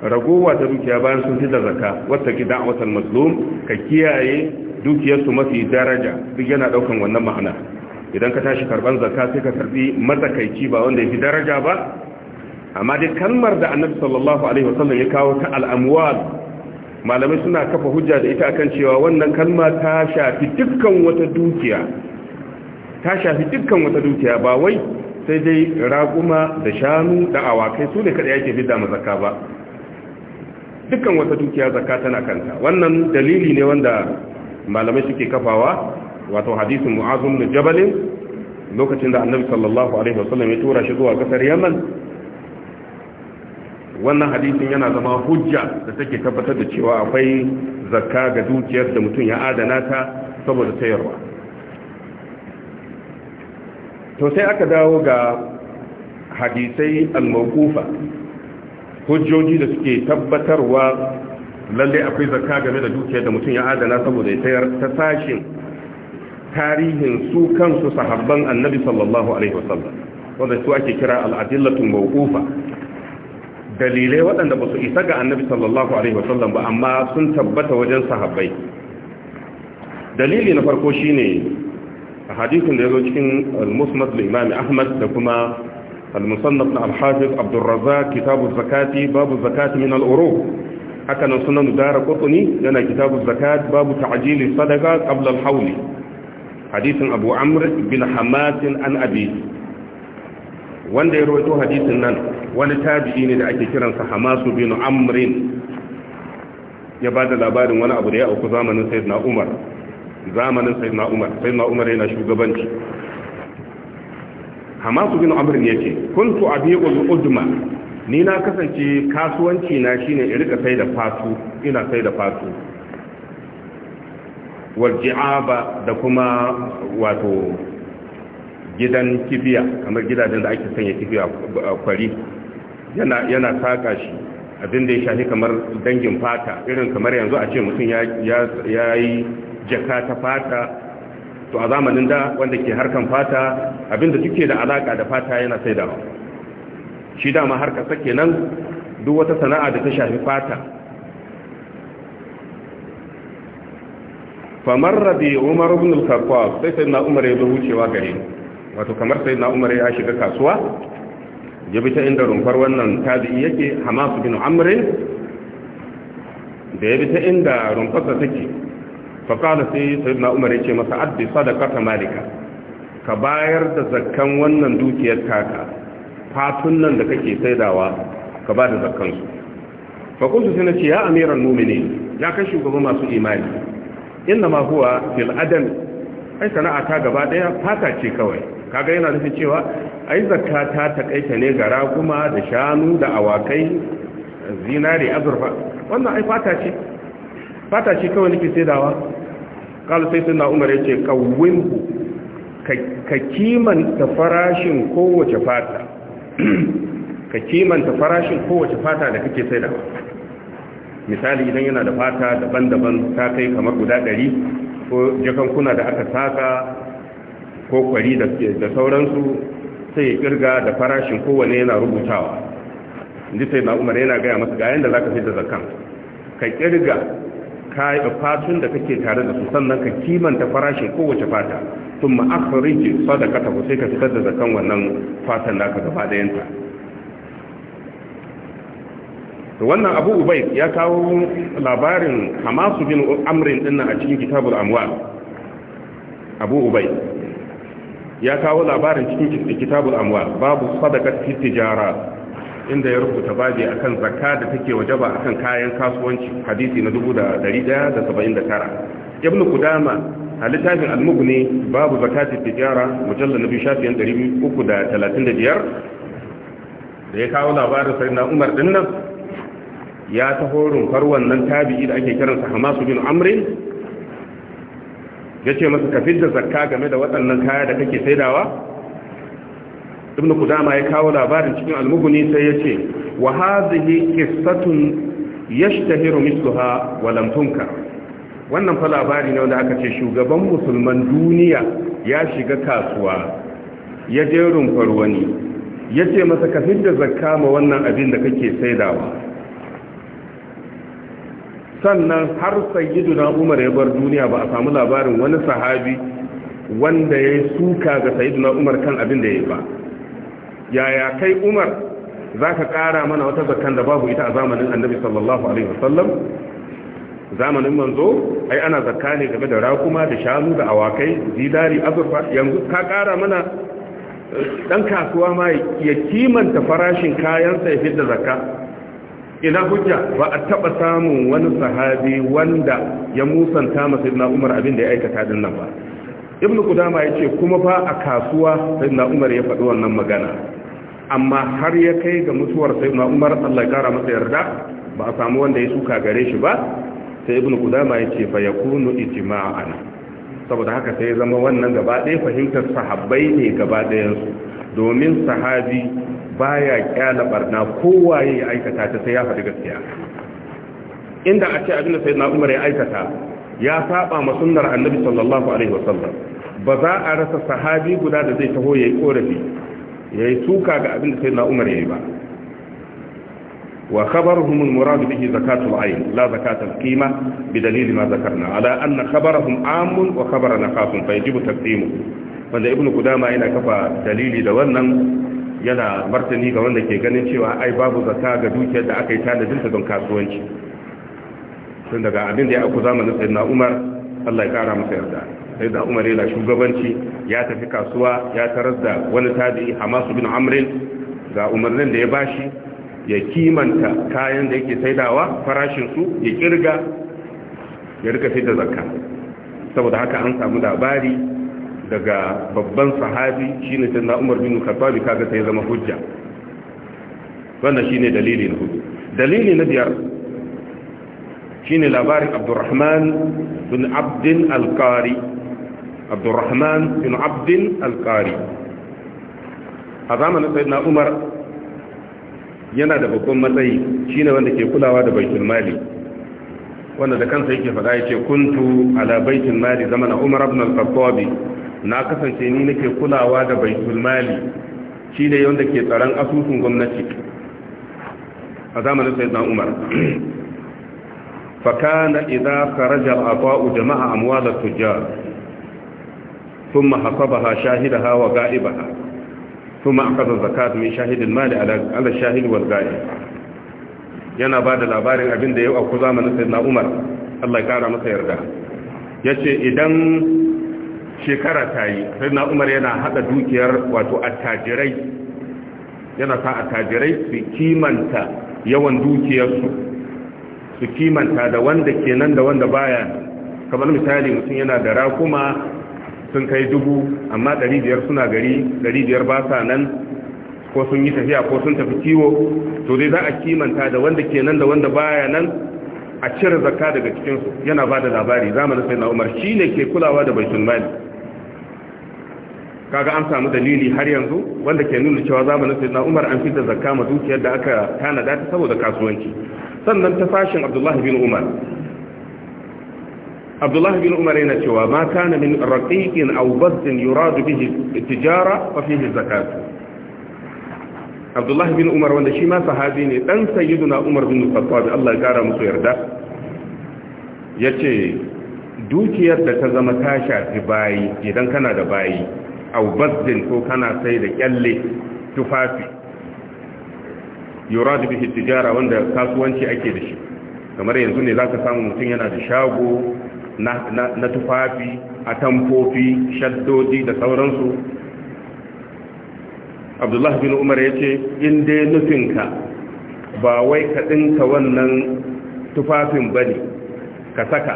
ragowa ta dukiya bayan sun fita zakka wata ki da'watal mazlum ka kiyaye dukiyarsu mafi daraja duk yana daukan wannan ma'ana idan ka tashi karban zakka sai ka karbi matsakaici ba wanda yafi daraja ba amma dai kalmar da Annabi sallallahu alaihi wasallam ya kawo ta al-amwal malamai suna kafa hujja da ita akan cewa wannan kalma ta shafi dukkan wata dukiya ta shafi dukkan wata dukiya ba wai sai dai raguma, da shanu da awakai su ne kada yake bidda mazaka ba dukkan wata dukiya zakka tana kanta wannan dalili ne wanda malamai suke kafawa wato hadisin mu'azum ibn jabal lokacin da annabi sallallahu alaihi wasallam ya tura shi zuwa kasar yaman wannan hadisin yana zama hujja da take tabbatar da cewa akwai zakka ga dukiyar da mutum ya adana ta saboda sayarwa to sai aka dawo ga hadisai al-mawqufa hujjoji da suke tabbatarwa lalle akwai zakka game da dukiyar da mutum ya adana saboda ya sayar ta sashin tarihin su kansu sahabban annabi sallallahu alaihi wasallam wanda su ake kira al-adillatul mawqufa dalilai waɗanda ba su isa ga annabi sallallahu alaihi wasallam ba amma sun tabbata wajen sahabbai dalili na farko shine a hadisin da ya zo cikin al-musnad da ahmad da kuma al-musannaf na al-hafiz abdurrazzaq kitabu zakati babu zakati min al-urub haka nan sunan dara qutni yana kitabu zakat babu ta'jili sadaka qabla al hadisin abu amr bin hamat an abi wanda ya rawaito hadisin nan wani tabi'i ne da ake kiransa hamasu bin amrin ya ba da labarin wani abu da ya auku zamanin sayyidina umar zamanin sayyidina umar sayyidina umar yana shugabanci hamasu bin amrin ya ce kuntu abi'ul udma ni na kasance kasuwanci na shine in rika sai da fatu ina sai da fatu wal ji'aba da kuma wato gidan kibiya kamar gidajen da ake sanya kibiya kwari yana saka shi abin da ya shafi kamar dangin fata irin kamar yanzu a ce mutum ya yi jaka ta fata to a zamanin da wanda ke harkan fata abin suke da alaka da fata yana da shi dama harka sake nan duk wata sana'a da ta shafi fata famar rabi umar ibn al sai sai na umar ya zo wucewa gare ni wato kamar sai na umar ya shiga kasuwa ya bi ta inda rumfar wannan tabi'i yake hamasu bin amrin da ya bi ta inda rumfarsa take fakala sai sai na umar ya ce masa addi ta malika ka bayar da zakkan wannan dukiyar taka fatun nan da kake saidawa ka ba da zakkan su sai na ce ya amiran mumini ya kashi shugaban masu imani inna ma huwa fil adam ai sana'a ta gaba daya fata ce kawai kaga yana nufin cewa ai zakka ta takaita ne ga raguma da shanu da awakai zinari, azurfa wannan ai fata ce fata ce kawai nake saidawa kalu sai sunna umar yace ku ka ta farashin kowace fata [clears throat] ka ta farashin kowace fata da kake saidawa misali idan yana da fata daban-daban ta kai kamar guda ɗari ko jakankuna da aka saka ko kwari da sauransu sai ya kirga da farashin kowane yana rubutawa inda sai na umar yana gaya masu gayan da za ka fi da zakan ka kirga fatun da kake tare da su sannan ka kimanta farashin kowace fata sun ma'akarijin sadaka ta sai ka fitar da zakan wannan fatan da naka gaba ɗayanta wannan abu ubaid ya kawo labarin hamasu bin amrin dinnan a cikin kitabul amwal abu ubaid ya kawo labarin cikin kitabul amwal babu sadaqat fi tijara inda ya rubuta babi akan zakka da take wajaba akan kayan kasuwanci hadisi na 1179 ibnu kudama a littafin al-mughni babu zakati tijara mujallal nabi shafiyan 335 da ya kawo labarin sayyidina umar dinnan ya taho rumfar wannan tabi'i da ake kiransa hamasu bin amrin ya ce masa kafin da zakka game da waɗannan kaya da kake saidawa ibn kudama ya kawo labarin cikin almuguni sai ya ce wa hazihi qissatun yashtahiru misluha wa lam tunka wannan fa labari ne wanda aka ce shugaban musulman duniya ya shiga kasuwa ya je rumfar wani ya ce masa kafin da zakka ma wannan abin da kake saidawa sannan har sayyiduna umar ya bar duniya ba a samu labarin wani sahabi wanda ya yi suka ga sayyiduna umar kan abin da ya yi ba yaya kai umar za ka kara mana wata zakan da babu ita a zamanin annabi sallallahu alaihi wasallam zamanin manzo ai ana zakka ne game da rakuma da shanu da awakai zidari azurfa yanzu ka kara mana dan eh, kasuwa ma ya kimanta farashin kayan sa ya fitta zakka ina hujja ba a taba samun wani sahabi wanda ya musanta masa ibn umar abin da ya aikata din nan ba ibn kudama yace kuma fa a kasuwa sayyidina umar ya faɗi wannan magana amma har ya kai ga mutuwar sayyidina umar Allah ya kara masa yarda ba a samu wanda ya suka gare shi ba sai ibn kudama yace fa yakunu ijma'an saboda haka sai zama wannan gaba ɗaya fahimtar sahabbai ne gaba ɗayan su domin sahabi baya kyala barna kowaye ya aikata ta sai ya faɗi gaskiya inda a ce abin da sai na umar ya aikata ya saba ma sunnar annabi sallallahu alaihi wasallam ba za a rasa sahabi guda da zai taho yayi korafi yayi suka ga abin da sai na umar yayi ba وخبرهم المراد به زكاة العين لا زكاة القيمة بدليل ما ذكرنا على أن خبرهم عام وخبرنا خاص فيجب تقديمه فإن ابن yana kafa dalili da wannan. yana martani ga wanda ke ganin cewa ai babu zakka ga dukiyar da aka yi ta don kasuwanci tun daga abin da ya aku zamanin sai na umar allah ya kara masa yarda sai da umar yana shugabanci ya tafi kasuwa ya tarar da wani tabi hamasu bin amrin ga umarnin da ya bashi ya kimanta kayan da yake saidawa farashin su ya kirga ya rika sai da zakka saboda haka an samu labari daga babban sahabi shi shine sayyidina Umar bin Khattab kaga sai zama hujja wannan shine dalili na hudu dalili na biyar shi ne labarin Abdurrahman bin Abdin al-Qari Abdurrahman bin Abdin al-Qari a zamanin sayyidina Umar yana da babban matsayi shi ne wanda ke kulawa da baikin mali wanda da kansa yake faɗa ya ce kuntu ala baitul mali zamana Umar ibn al na kasance ni nake kulawa da baitul mali shi ne wanda ke tsaron asusun gwamnati a zamanin sayyidina umar [clears throat] fakana idza kharaja al-afa'u jama'a amwal at-tujjar thumma hasabaha shahidaha wa ga'ibaha thumma akhadha zakat min shahid al-mali ala al-shahid wal ga'ib yana bada labarin abin da yau a ku zamanin sayyidina umar Allah ya kara masa yarda yace idan shekara ta yi sai na umar yana haɗa dukiyar wato attajirai yana sa attajirai su kimanta yawan dukiyarsu su kimanta da wanda kenan da wanda baya kamar misali mutum yana da rakuma sun kai dubu amma ɗari biyar suna gari ɗari biyar ba sa nan ko sun yi tafiya ko sun tafi kiwo to dai za a kimanta da wanda kenan da wanda baya nan a cire zakka daga cikinsu yana ba da labari zamanin sai na umar shi ne ke kulawa da baitul mali kaga an samu dalili har yanzu wanda ke nuna cewa zamanin na Umar an da zakka ma dukiyar da aka tanada ta saboda kasuwanci sannan ta fashin Abdullahi bin Umar Abdullahi bin Umar yana cewa ma kana min raqiqin aw bazdin Yuradu bihi tijara fa fihi zakat Abdullahi bin Umar wanda shi ma sahabi ne dan sayyidina Umar bin Khattab Allah ya gara musu yarda yace dukiyar da ta zama ta shafi bayi idan kana da bayi au bazdin ko kana sai da kyalle tufafi yuradu bihi tijara wanda kasuwanci ake da shi kamar yanzu ne zaka samu mutum yana da shago na tufafi a tamfofi shaddodi da sauransu abdullah bin umar ya ce in dai nufinka ba wai ka ɗinka wannan tufafin ba ne ka saka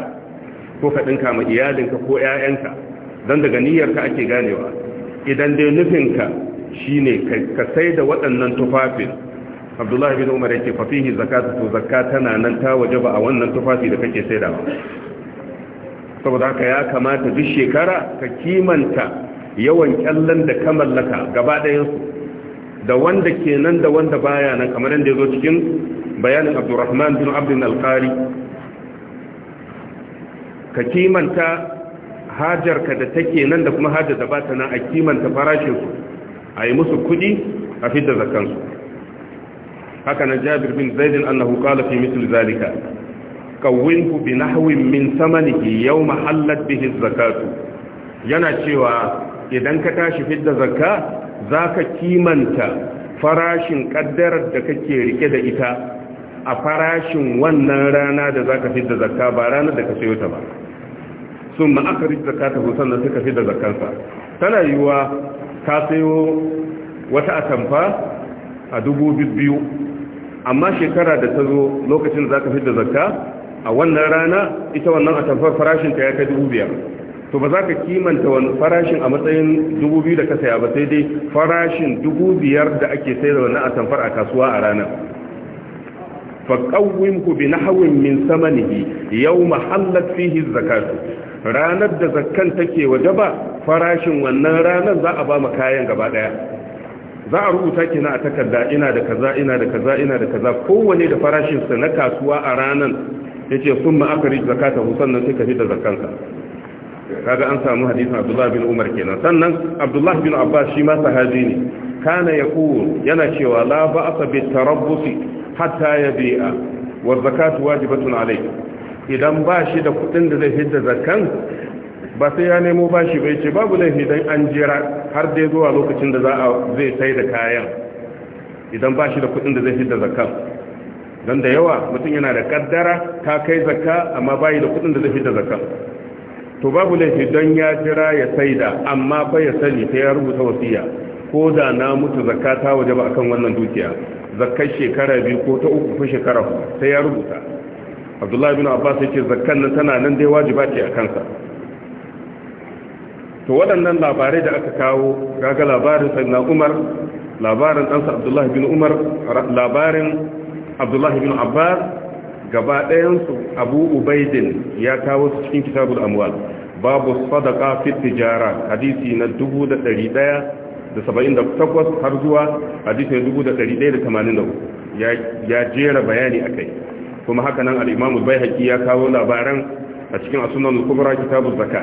ko ka ɗinka ma iyalinka ko 'ya'yanka don daga niyyarka ake ganewa idan dai nufinka shine ka sai da waɗannan tufafin abdullahi bin umar yake fafihi zakatu to zakka tana nan ta waje ba a wannan tufafi da kake ba. saboda haka ya kamata duk shekara ka kimanta yawan kyallan da ka mallaka gaba ɗayansu da wanda ke nan da wanda baya nan kamar yadda ya zo cikin bayanin abdurrahman bin abdin alkari ka kimanta hajarka da take nan da kuma hajar da ta nan a kimanta farashinsu a yi musu kuɗi a fidda zakansu haka na jabir bin zaidin annahu qala fi mithli zalika kawwinhu bi nahwin min thamanihi yawma hallat zakatu yana cewa idan ka tashi fidda zakka zaka kimanta farashin kaddarar da kake rike da ita a farashin wannan rana da zaka fidda zakka ba ranar da ka sayo ta ba sun ma aka rike zakata sannan suka fi da zakansa tana yiwuwa ka sayo wata atamfa a dubu biyu amma shekara da ta zo lokacin za ka fi da zakka a wannan rana ita wannan atamfar farashinta ya kai dubu biyar to ba za ka kimanta wani farashin a matsayin dubu biyu da ka saya ba sai dai farashin dubu biyar da ake sai da wannan atamfar a kasuwa a ranar fa ku bi nahwin min samanihi yau hallat fihi zakatu ranar da zakkan take ba farashin wannan ranar za a ba mu kayan gaba daya za a rubuta kina a takarda ina da kaza ina da kaza ina da kaza kowane da farashin sa na kasuwa a ranar yace sun ma aka rike zakata sannan sai ka fi da ka kaga an samu hadisin Abdullah bin Umar kenan sannan Abdullah bin Abbas shi ma sahabi ne kana yaqul yana cewa la ba'sa bit tarabbusi hatta yabi'a wa zakatu wajibatun alayka idan ba shi da kudin da zai hidda zakan ba sai ya nemo ba shi bai ce babu laifi don an jira har dai zuwa lokacin da za a zai sai da kayan idan ba shi da kudin da zai hidda zakan don da yawa mutum yana da kaddara ta kai zakka amma bayi da kudin da zai hidda zakan to babu laifi don ya jira ya saida amma ba ya sani ta ya rubuta wasiya ko da na mutu zakka ta waje ba akan wannan dukiya zakkar shekara biyu ko ta uku ko shekara sai ya rubuta abdullahi bin abbas yake zakkan nan tana nan dai wajiba ce a kansa to waɗannan labarai da aka kawo gaga labarin sayyidina umar labarin ɗansa abdullahi bin umar labarin abdullahi bin abbas gaba ɗayansu abu ubaidin ya kawo su cikin kitabul amwal babu sadaka fi tijara hadisi na 1178 har zuwa hadisi na 1183 ya jera bayani akai kuma haka nan al bai al ya kawo labaran a cikin asunan sunan kubra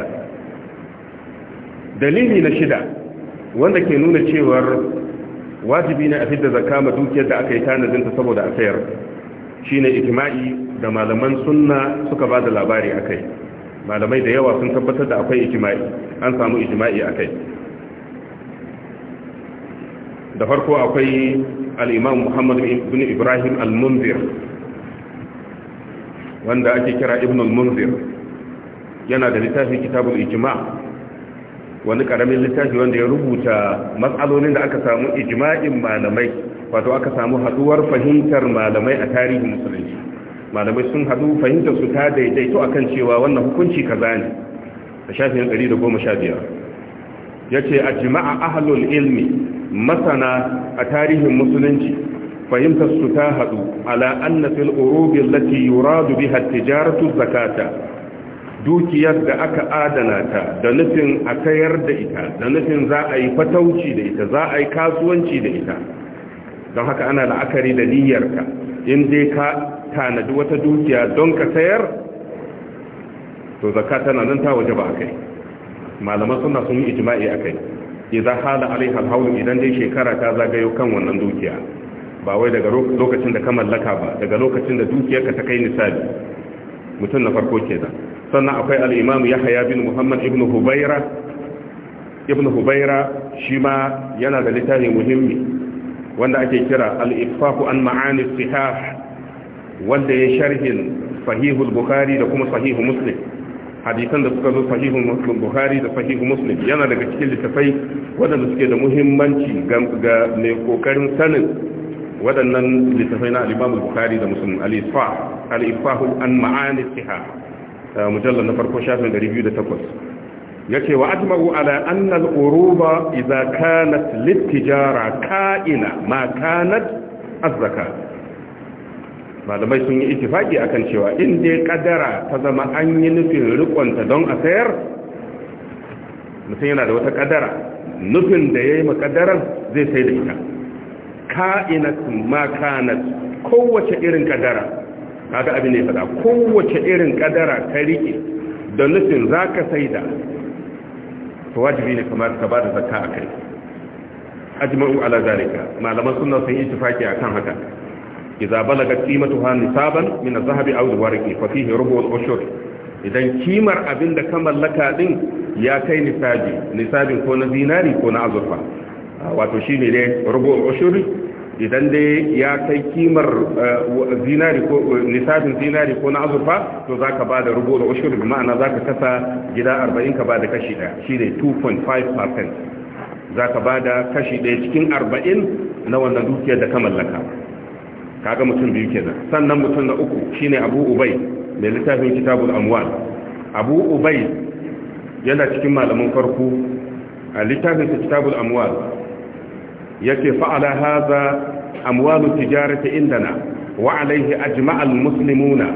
dalili na shida wanda ke nuna cewar wajibi ne a fidda zakka ma dukiyar da aka yi tanadin ta saboda a sayar ne ijma'i da malaman sunna suka ba da labari akai malamai da yawa sun tabbatar da akwai ijma'i an samu ijma'i akai da farko akwai alimam Muhammadu ibn Ibrahim al-Munzir wanda ake kira ibn al-munzir yana da littafin kitabul ijma wani karamin littafi wanda ya rubuta matsalolin da aka samu ijma'in malamai wato aka samu haduwar fahimtar malamai a tarihin musulunci malamai sun hadu fahimtar su ta daidaito akan cewa wannan hukunci kaza ne a shafin 115 yace ajma'a ahlul ilmi masana a tarihin musulunci fahimtar su ta haɗu, ala anna fil urubi yuradu biha tijaratu zakata dukiyar da aka adana ta da nufin a kayar da ita da nufin za a yi fatauci da ita za a yi kasuwanci da ita don haka ana la'akari da niyyarka in dai ka tanadi wata dukiya don ka sayar to zakka tana nan ta waje ba a kai malaman suna sun yi ijma'i a kai idan hala alaiha haul idan dai shekara ta zagayo kan wannan dukiya ba wai daga lokacin da ka mallaka ba daga lokacin da dukiyarka ta kai nisabi mutum na farko ke da sannan akwai al’imamu ya Yahya bin Muhammad ibn Hubayra ibn hubaira shi ma yana da littafi muhimmi wanda ake kira al’ifafu an ma'ani sihah wanda ya sharhin sahihul Buhari da kuma sahihu Muslim hadisan da suka zo sahihu Buhari da sahihu Muslim yana daga cikin littafai wanda suke da muhimmanci ga mai kokarin sanin waɗannan littafai na alimamu bukari da musulun al'ifahul an ma'ani siha eh, mujallar na farko shafin 208 ya ce wa ajmaru ala annal uruba iza kanat littijara ka'ina ma kanat azzaka malamai sun yi itifaki akan cewa in dai kadara ta zama an yi nufin rikonta don a sayar mutum yana da wata kadara nufin da ya yi makadaran zai sai da ita ka’inat ma kanat kowace irin kadara kaga abin ne fada kowace irin kadara ta rike da nufin zaka saida to wajibi ne kamar ka bada zakka akai ajma'u ala zalika malaman sunna sun yi tafaki akan haka idza balaga ha nisaban min adh zahabi, aw al-warqi fa fihi rubu al-ushur idan kimar abin da ka mallaka din ya kai nisabi nisabin ko na zinari ko na azurfa wato shine ne rubu al-ushur idan dai ya kai kimar eh, zinari ko nisabin zinari ko na azurfa to za ka ba da rubo da ushur da ma'ana za ka kasa gida 40 ka ba da kashi ɗaya shi ne 2.5% za ka ba da kashi ɗaya cikin 40 na wannan dukiyar da ka mallaka kaga mutum biyu kenan sannan mutum na uku shine abu ubai mai littafin kitabul amwal abu ubai yana cikin malaman farko a littafin kitabul amwal yake fa'ala haza amwalu tijarati indana wa alaihi ajma'al musulmuna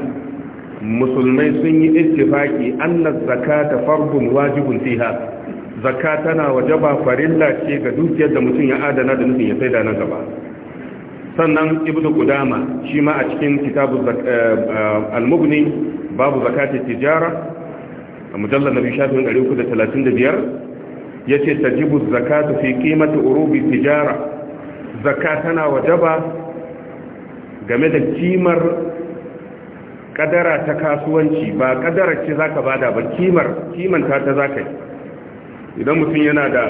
musulmai sun yi ittifaki zaka ta fardun wajibun fiha zakka tana wajaba farilla ce ga dukiyar da mutum ya adana da mutum ya da nan gaba sannan ibnu qudama shi ma a cikin kitabu eh, eh, al-mughni babu zakati tijara a mujallar yace tajibu zakatu fi qimati urubi tijara zaka tana wajaba game da kimar kadara ta kasuwanci ba kadara ce zaka bada ba kimar kimanta ta zaka yi idan mutum yana da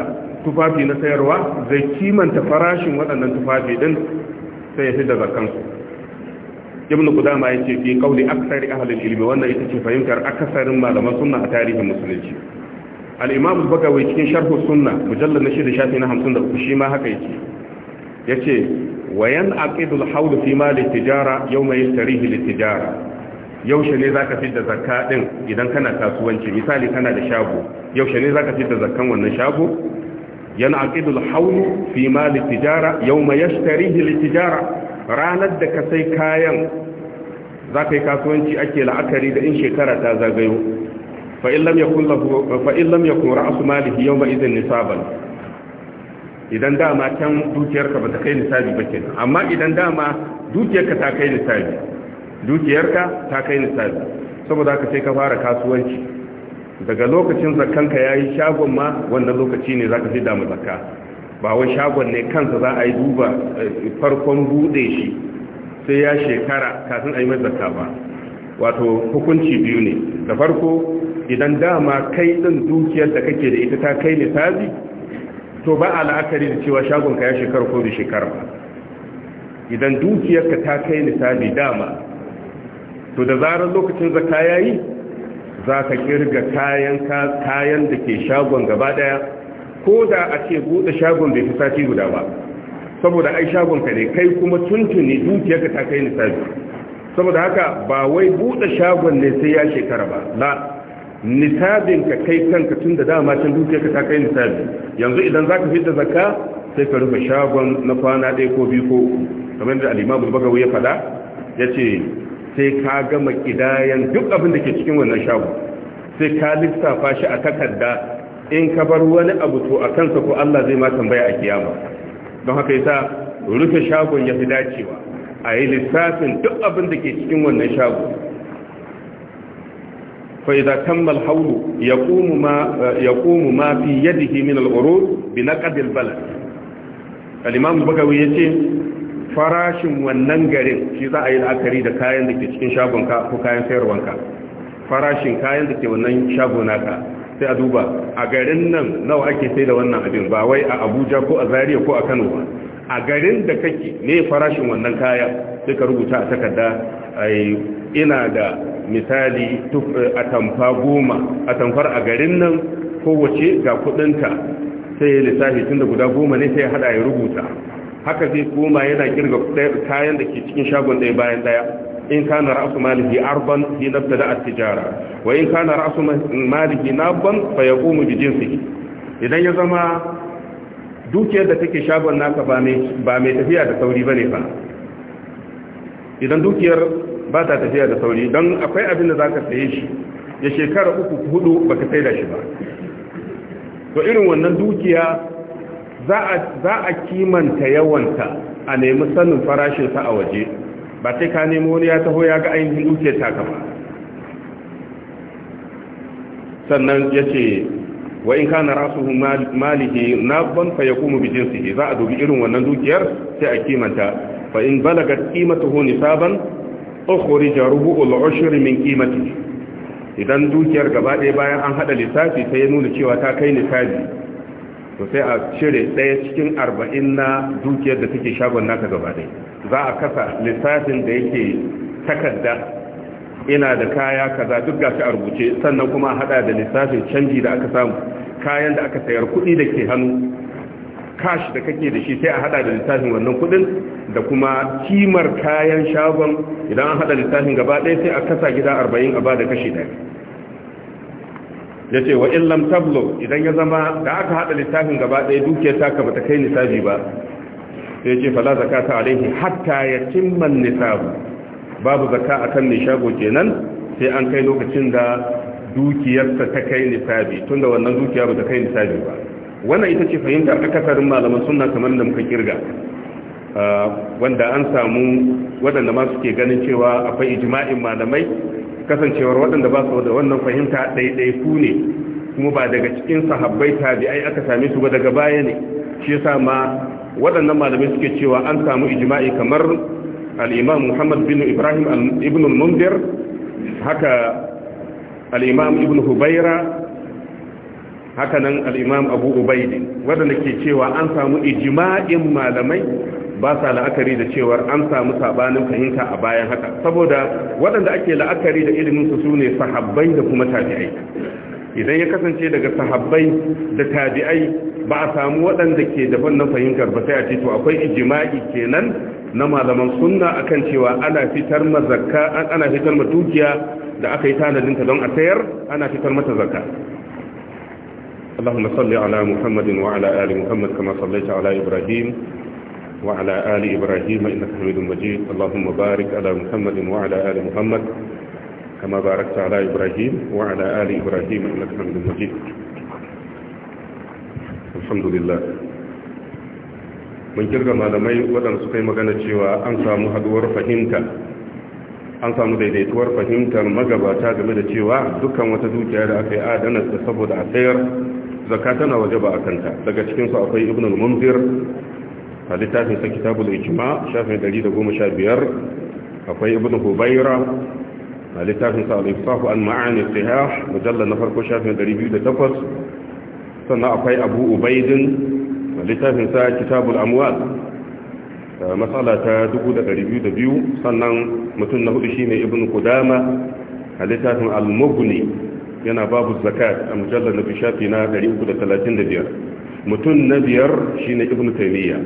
tufafi na sayarwa zai kimanta farashin waɗannan tufafi din sai ya fi da zakansu ibn qudama yace fi qawli aktsari ahli ilmi wannan ita ce fahimtar akasarin malaman sunna a tarihin musulunci al-imam bagawai cikin sharhu sunna mujallal na shida shafi na 53 shi ma haka yake yace wayan aqidul hawl fi mali tijara yawma yastarihi litijara yaushe ne zaka fitar da zakka din idan kana kasuwanci misali kana da shago yaushe ne zaka fitar da zakkan wannan shago yana aqidul hawl fi mali tijara yawma yastarihi litijara ranar da ka sai kayan ka yi kasuwanci ake la'akari da in shekara ta zagayo fa in lam yakun lahu fa in lam yakun ra'su malihi yawma idhin nisaban idan dama can dukiyarka ba ta kai nisabi ba kenan amma idan dama dukiyarka ta kai nisabi dukiyarka ta kai nisabi saboda ka sai ka fara kasuwanci daga lokacin ya yayi shagon ma wannan lokaci ne zaka sai damu zakka ba wai shagon ne kansa za a yi duba farkon bude shi sai ya shekara kafin a yi mai zakka ba wato hukunci biyu ne da farko idan dama kai din dukiyar da kake da ita ta kai tazi to ba a la'akari da cewa shagonka ya shekaru ko da shekaru. idan dukiyarka ta kai tazi dama to da zarar lokacin zaka yayi za ka kirga kayan da ke shagon gaba daya ko da a ce buɗe shagon bai fi sati guda ba saboda ai shagonka ne kai kuma tuntuni dukiyarka ta kai tazi saboda haka ba wai buɗe shagon ne sai ya shekara ba la nisabin ka kai kanka tun da dama can dukiyar ka ta kai nisabi yanzu idan za ka fita zakka sai ka rufe shagon na kwana ɗaya ko biyu ko kamar da alimamu bagawi ya faɗa ya ce sai ka gama ƙidayen duk abin da ke cikin wannan shagon sai ka lissafa shi a takarda in ka bar wani abu to a kansa ko Allah zai ma tambaya a kiyama don haka yasa rufe shagon ya fi dacewa a yi lissafin duk abin da ke cikin wannan shago fai za kammal haulu ya ƙumu ma fi yadihi min al'uru bi na ƙadil bala al'imamu bagawi ya ce farashin wannan garin shi za a yi la'akari da kayan da ke cikin shagonka ko kayan sayarwanka farashin kayan da ke wannan shagonaka sai a duba a garin nan nawa ake sai da wannan abin ba wai a abuja ko a Zariya ko a kano ba a garin da kake ne farashin wannan kaya Suka rubuta a takarda ina da misali eh, tamfa goma atamfar a garin nan kowace ga kudinta sai ya lissafi tun da guda goma ne sai ya hada ya rubuta haka zai koma yana kirga kayan da ke cikin shagon ɗaya bayan ɗaya in kana ra'su malihi arban fi nafta da attijara wa in kana ra'su malihi nabban fa yaqumu bi jinsi. idan ya zama dukiyar da take shagon naka ba mai tafiya da sauri ba ne ba idan dukiyar ba ta tafiya da sauri don akwai abin da za ka saye shi ya shekara uku hudu ba ka sai da shi ba to irin wannan dukiya za a kimanta yawanta a nemi sanin farashinsa a waje ba sai ka nemo wani ya taho ya ga ainihin dukiyar ta ba sannan ya ce wa in kana rasuhu malihi nabban fa yakumu bi jinsihi za a dubi irin wannan dukiyar sai a kimanta fa in balagat qimatuhu nisaban ukhrija rubu'ul ushr min qimatihi idan dukiyar gaba ɗaya bayan an hada lissafi sai ya nuna cewa ta kai nisabi to sai a cire ɗaya cikin arba'in na dukiyar da take shagon naka gaba ɗaya za a kasa lissafin da yake takarda ina da kaya kaza duk gashi a rubuce sannan kuma hada da lissafin canji da aka samu kayan da aka sayar kuɗi da ke hannu kashi da kake da shi sai a hada da lissafin wannan kuɗin da kuma kimar kayan shagon idan an hada lissafin gaba ɗaya sai a kasa gida arba'in a ba da kashi ɗaya ya ce wa illam tablo idan ya zama da aka hada lissafin gaba ɗaya dukiyar ta ba ta kai lissafi ba sai ce fala zakata alaihi hatta ya cimman nisabu babu zakka akan mai shago kenan sai an kai lokacin da dukiyarsa ta kai nisabi tunda wannan dukiya ba ta kai nisabi ba wannan ita ce fahimtar akasarin malaman sunna kamar da muka kirga wanda an samu waɗanda ma suke ganin cewa akwai ijma'in malamai kasancewar waɗanda ba su da wannan fahimta ku ne kuma ba daga cikin sahabbai tabi'ai aka same su ba daga baya ne shi yasa ma waɗannan malamai suke cewa an samu ijma'i kamar al'imam muhammad bin ibrahim ibn mundir haka al'imam ibn hubaira haka nan al'imam abu ubaidi waɗanda ke cewa an samu ijima'in malamai basa la'akari da cewar an samu saɓanin fahimta a bayan haka saboda waɗanda ake la'akari da iliminsu su ne sahabbai da kuma tabi'ai idan ya kasance daga sahabbai da tabi'ai ba a samu waɗanda ke da wannan fahimtar ba sai a ce to akwai ijima'i kenan na malaman sunna akan cewa ana fitar ma ana fitar ma da aka yi tanadin ta don a sayar ana fitar mata zakka اللهم صل على محمد وعلى آل محمد كما ibrahim على إبراهيم وعلى آل إبراهيم إنك حميد مجيد اللهم بارك على wa ala ali muhammad. كما باركت على إبراهيم وعلى آل إبراهيم إنك حمد مجيد الحمد لله mun kirga malamai waɗanda suka yi magana cewa an samu haduwar fahimta an samu daidaituwar fahimtar magabata game da cewa dukkan wata dukiya da aka yi adanarsa saboda a sayar zaka tana waje ba a kanta daga cikinsu akwai ibn al-munzir a littafinsa kitabul ijma shafin 115 akwai ibn hubaira a littafin sa al-ifsahu an ma'ani sihah mujallar na farko shafin 208 sannan akwai abu ubaidin a littafin sa kitabul amwal matsala ta 2,200 sannan mutum na hudu shine ibn kudama a littafin al-mughni yana babu zakat a mujallar na shafi na 335 mutum na biyar shine ibn taymiyyah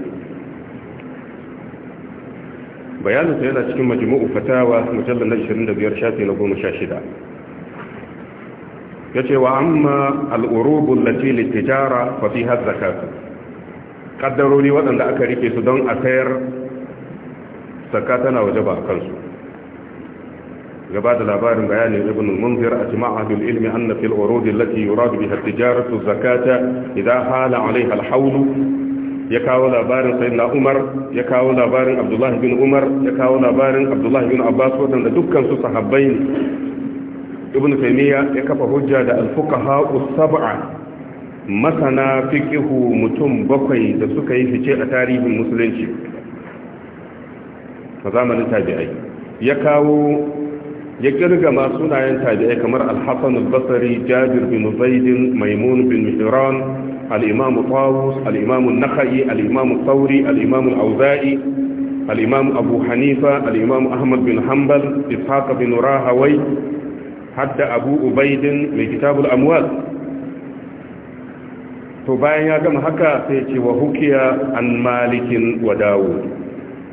bayanin bayaninsa yana cikin majmu'u fatawa mujallar na 25 shafi na 16 yace wa amma al-urubu allati li tijara fa fiha har qaddaru li wadanda aka rike su don a sayar zakka tana waje ba a kansu labarin bayani ibn al munzir ajma'a bil ilmi anna fil urudin allati yurad biha tijaratu zakata idha hala 'alayha al alhawlu ya kawo labarin sayyidina Umar ya kawo labarin abdullahi bin Umar ya kawo labarin abdullahi bin Abbas wadanda dukkan su sahabbai ne Ibn Taymiyyah ya kafa hujja da al-fuqaha sab'a masana fiqihu mutum bakwai da suka yi fice a tarihin musulunci a zamanin tabi'ai ya kawo ya kirgama sunayen tabi'ai kamar al-Hasan al-Basri Jabir bin Zaid Maimun bin Mihran al-imam tawus al-imam an-nakhai al-imam thawri al-imam al-auza'i al-imam abu hanifa al-imam ahmad bin hambal, ishaq bin rahawai hadda abu ubaid mai kitabul amwal to bayan ya gama haka sai cewa wa hukiya an malikin wa dawud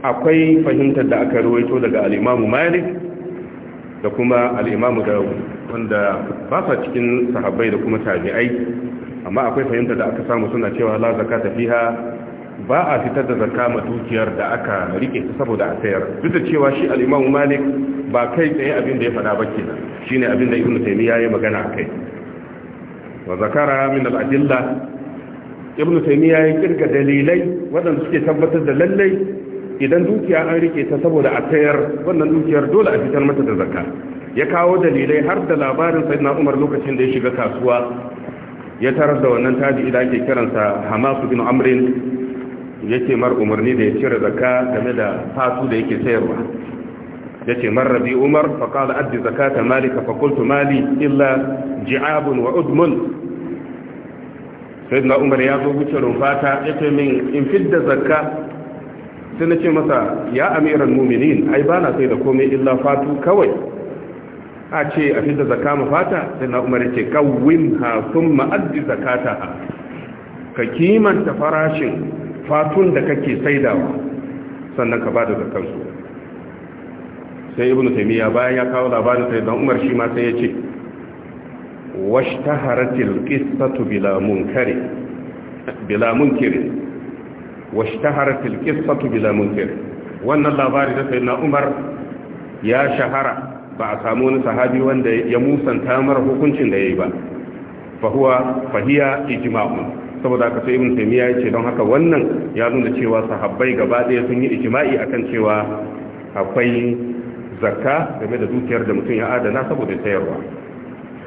akwai fahimtar da aka ruwaito daga al'imamu malik da kuma al'imamu dawud wanda ba sa cikin sahabbai da kuma tabi'ai amma akwai fahimta da aka samu suna cewa la zakata fiha ba a fitar da zakka matukiyar da aka rike ta saboda a sayar duk da cewa shi al-Imam Malik ba kai tsaye abin da ya faɗa ba kenan shine abin da Ibn Taymiyyah ya magana akai wa zakara min al-adilla Ibn Taymiyyah ya kirga dalilai waɗanda suke tabbatar da lallai idan dukiya an rike ta saboda a sayar wannan dukiyar dole a fitar mata da zakka ya kawo dalilai har da labarin sayyidina Umar lokacin da ya shiga kasuwa ya tarar da wannan taji da ake kiransa hamasu bin amrin ce mar umarni da ya cire zakka game da fasu da yake sayarwa ce mar rabi umar fa qala addi ta mali ka qultu mali illa ji'abun wa udmun umar ya zo wuce rumfata yace min in fidda zakka sai ce masa ya amiran mu'minin ai bana sai da komai illa fatu kawai a ce a fita zakka mu fata sai na umar ce kawwin ha thumma zakata ha ka kimanta farashin fatun da kake saidawa sannan ka bada zakar su sai ibnu taymiya bayan ya kawo labarin sai dan umar shi ma sai ya ce washtaharatil qissatu bila munkari bila munkari washtaharatil qissatu bila munkari wannan labari da sai na umar ya shahara ba a samu wani sahabi wanda ya musanta mara hukuncin da ya yi ba fahuwa fahiya ijima'un saboda aka sai ibn taymiya ya ce don haka wannan ya nuna cewa sahabbai gaba ɗaya sun yi ijma'i akan cewa akwai zakka game da dukiyar da mutum ya adana saboda sayarwa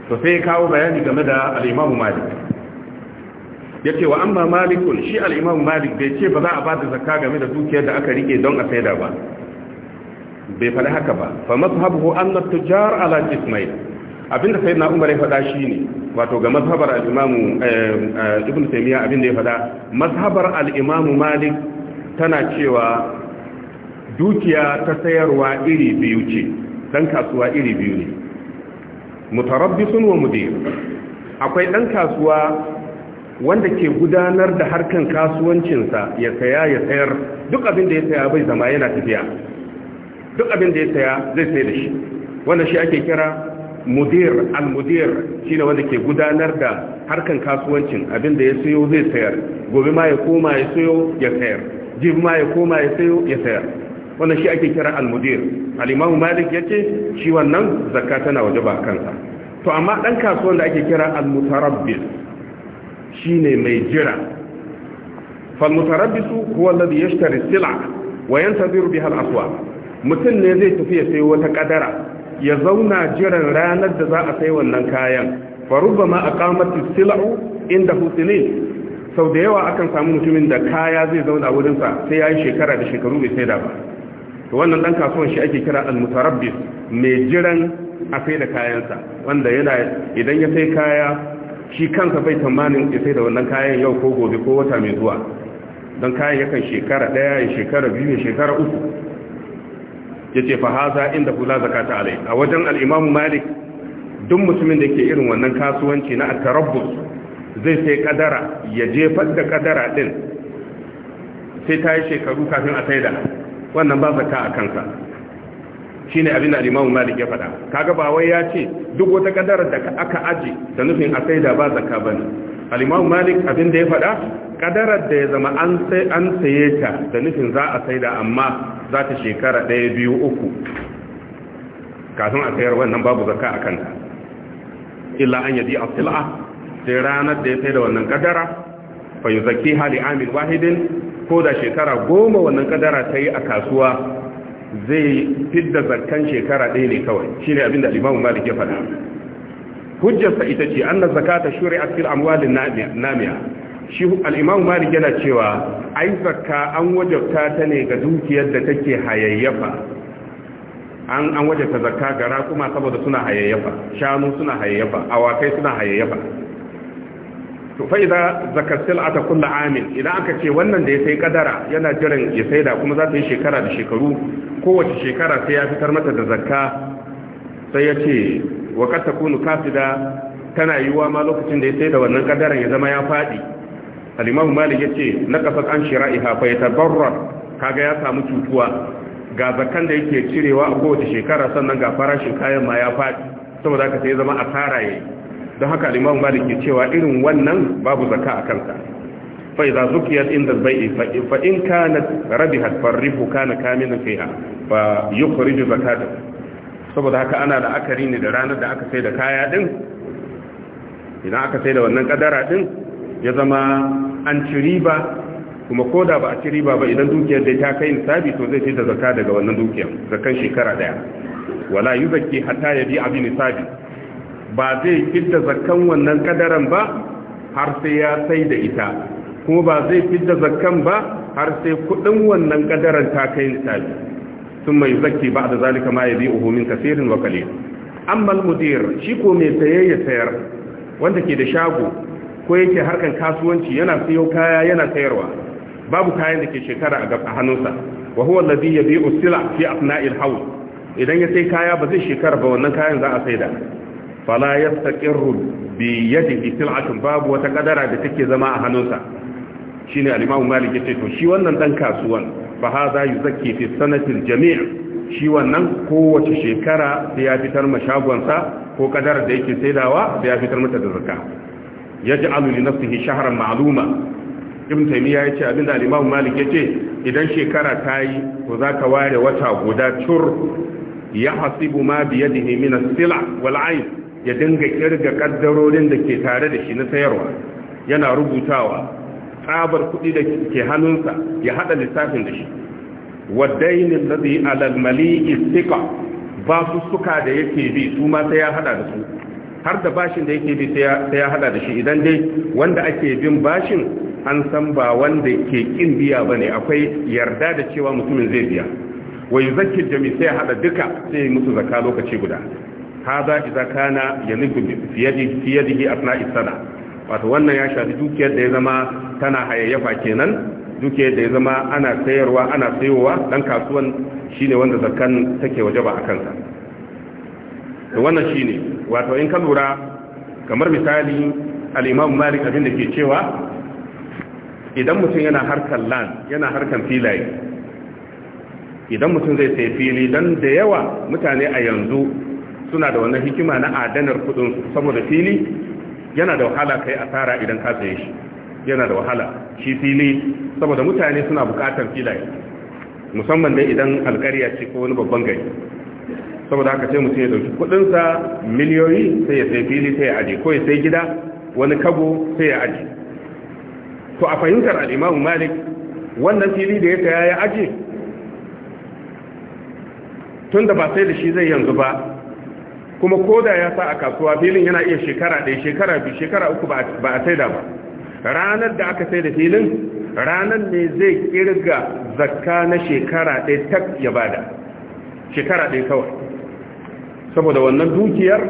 to sai kawo bayani game da al malik ya ce wa amma malikun shi al-imamu malik bai ce ba za a ba da zakka game da dukiyar da aka rike don a saida ba bai faɗi haka ba fa mazhabuhu anna tujar ala jismai abinda na umar ya faɗa shine wato ga mazhabar al-imamu eh, eh, ibn taymiya abinda ya fada mazhabar al-imamu malik tana cewa dukiya ta sayarwa iri biyu ce dan kasuwa iri biyu ne mutarabbisun wa mudir akwai dan kasuwa wanda ke gudanar da harkan kasuwancinsa ya saya ya sayar duk abin da ya saya bai zama yana tafiya duk abin da ya saya zai sai da shi wanda shi ake kira mudir al-mudir shine wanda ke gudanar da harkan kasuwancin abin da ya sayo zai sayar gobe ma ya koma ya sayo ya sayar jib ma ya koma ya sayo ya sayar wannan shi ake kira al-mudir al-imamu malik yace shi wannan zakka tana waje ba kansa to amma dan kasuwan da ake kira al-mutarabbis shine mai jira fal-mutarabbisu huwa alladhi yashtari as-sil'a wa yantaziru biha al-aswaq mutum ne zai tafi ya sayo wata kadara ya zauna jiran ranar da za a sai wannan kayan faruba ma a kamatin sila'u inda hussein sau da yawa akan samu mutumin da kaya zai zauna a wurinsa sai ya yi shekara da shekaru mai sai da ba to wannan dan kasuwan shi ake kira al mai jiran a sai da kayansa wanda yana idan ya sai kaya shi kansa bai tamanin ya sai da wannan kayan yau ko gobe ko wata mai zuwa don kayan yakan shekara ɗaya ya shekara biyu ya shekara uku yace fa haza inda kula zakata alai a wajen al-imam malik duk mutumin da ke irin wannan kasuwanci na at-tarabbus zai sai kadara ya jefa da kadara din sai ta yi shekaru kafin a saida wannan ba zakka a kansa shine abin da al malik ya faɗa kaga ba ya ce duk wata kadara da aka aje da nufin a saida ba zakka bane al malik abin da ya faɗa ƙadarar da ya zama an sai saye ta da nufin za a sai da amma za ta shekara ɗaya biyu uku kafin a sayar wannan babu zaka a kanta illa an yadi a sila sai ranar da ya da wannan ƙadara fayu zaki hali amin wahidin ko da shekara goma wannan ƙadara ta yi a kasuwa zai fidda zakkan shekara ɗaya ne kawai shine abin da al malik ya faɗa hujjarsa ita ce anna zakata shuri'at fil amwalin namiya shi al-imam malik yana cewa ai zakka an wajabta ta ne ga dukiyar da take hayayyafa an an wajabta zakka ga raƙuma saboda suna hayayyafa shanu suna hayayyafa awakai suna hayayyafa to fa idza zakat ata kull amin idan aka ce wannan da ya sai kadara yana jiran ya sai da kuma za ta yi shekara da shekaru kowace shekara sai ya fitar mata da zakka sai ya ce wa kad takunu kafida tana yiwuwa ma lokacin da ya sai da wannan kadaran ya zama ya fadi al-imam malik yace naqafat an shira'iha fa yatabarra kaga ya samu cutuwa ga zakan da yake cirewa a kowace shekara sannan ga farashin kayan ma ya fadi saboda haka sai ya zama asara yayi don haka al malik ke cewa irin wannan babu zakka a kansa fa idza zukiyat inda al-bai'i fa in kanat rabihat farrihu kana kamilan fiha fa yukhrij zakata saboda haka ana da akari ne da ranar da aka sai da kaya din idan aka sai da wannan kadara din ya zama an ci riba kuma ko da ba a ci riba ba idan dukiyar da ta kai nisabi to zai fi da zakka daga wannan dukiyar zakan shekara daya wala yuzakki hatta bi abin nisabi ba zai fidda zakan wannan kadaran ba har sai ya sai da ita kuma ba zai fidda zakan ba har sai kudin wannan kadaran ta kai nisabi ثم يزكي بعد ذلك ما يبيعه من كثير وقليل أما المدير شيكو ميسيه يسير wanda ke da shago ko yake harkan kasuwanci yana siyo kaya yana sayarwa babu kayan da ke shekara a hannunsa wa huwa alladhi yabi'u sila fi asna'il hawl idan ya sai kaya ba zai shekara ba wannan kayan za a saida fala yastaqirru bi yadihi sil'atun babu wata kadara da take zama a hannunsa shine al-imam malik ce to shi wannan dan kasuwan fa hadha yuzakki fi sanatin jami'a. jami shi wannan kowace shekara sai ya fitar mashagonsa ko kadar da yake saidawa sai ya fitar mata da zakka yaj'alu li nafsihi shahran ma'luma ibn taymiya yace abinda da imam malik ya ce, idan shekara ta tayi to zaka ware wata guda tur ya hasibu ma biyadihi min as-sila wal ya dinga kirga kaddarorin da ke tare da shi na sayarwa yana rubutawa tsabar kudi da ke hannunsa ya hada lissafin da shi waddainin lazi alalmali istika ba su suka da yake bi su ma sai ya haɗa da su har da bashin da yake bi sai ya haɗa da shi idan dai wanda ake bin bashin an san ba wanda ke kin biya ba ne akwai yarda da cewa mutumin zai biya wai zakin jami sai ya haɗa duka sai ya musu zaka lokaci guda haza ki kana ya nufi fiye da asna da. wato wannan ya shafi dukiyar da ya zama tana hayayyafa kenan dukiyar da ya zama ana sayarwa ana sayowa dan kasuwan shine wanda zakkan take waje ba a kansa to wannan shine wato in ka lura kamar misali al-Imam Malik abin da ke cewa idan mutum yana harkan land yana harkar filaye idan mutum zai sayi fili dan da yawa mutane a yanzu suna da wannan hikima na adanar kudin saboda fili yana da wahala kai asara idan ka saye shi yana da wahala shi fili saboda mutane suna bukatar filaye musamman dai idan alƙarya ce ko wani babban gari saboda haka sai mutum ya dauki kudinsa miliyoyi sai ya sai fili sai ya aje ko ya sai gida wani kabo sai ya aje to a fahimtar al'imamu malik wannan fili da ya saya ya aje Tunda ba sai da shi zai yanzu ba kuma ko da ya sa a kasuwa filin yana iya shekara ɗaya shekara biyu shekara uku ba a saida ba ranar da aka saida filin ranar ne zai kirga zakka na shekara ɗaya tak ya bada shekara ɗaya kawai saboda wannan dukiyar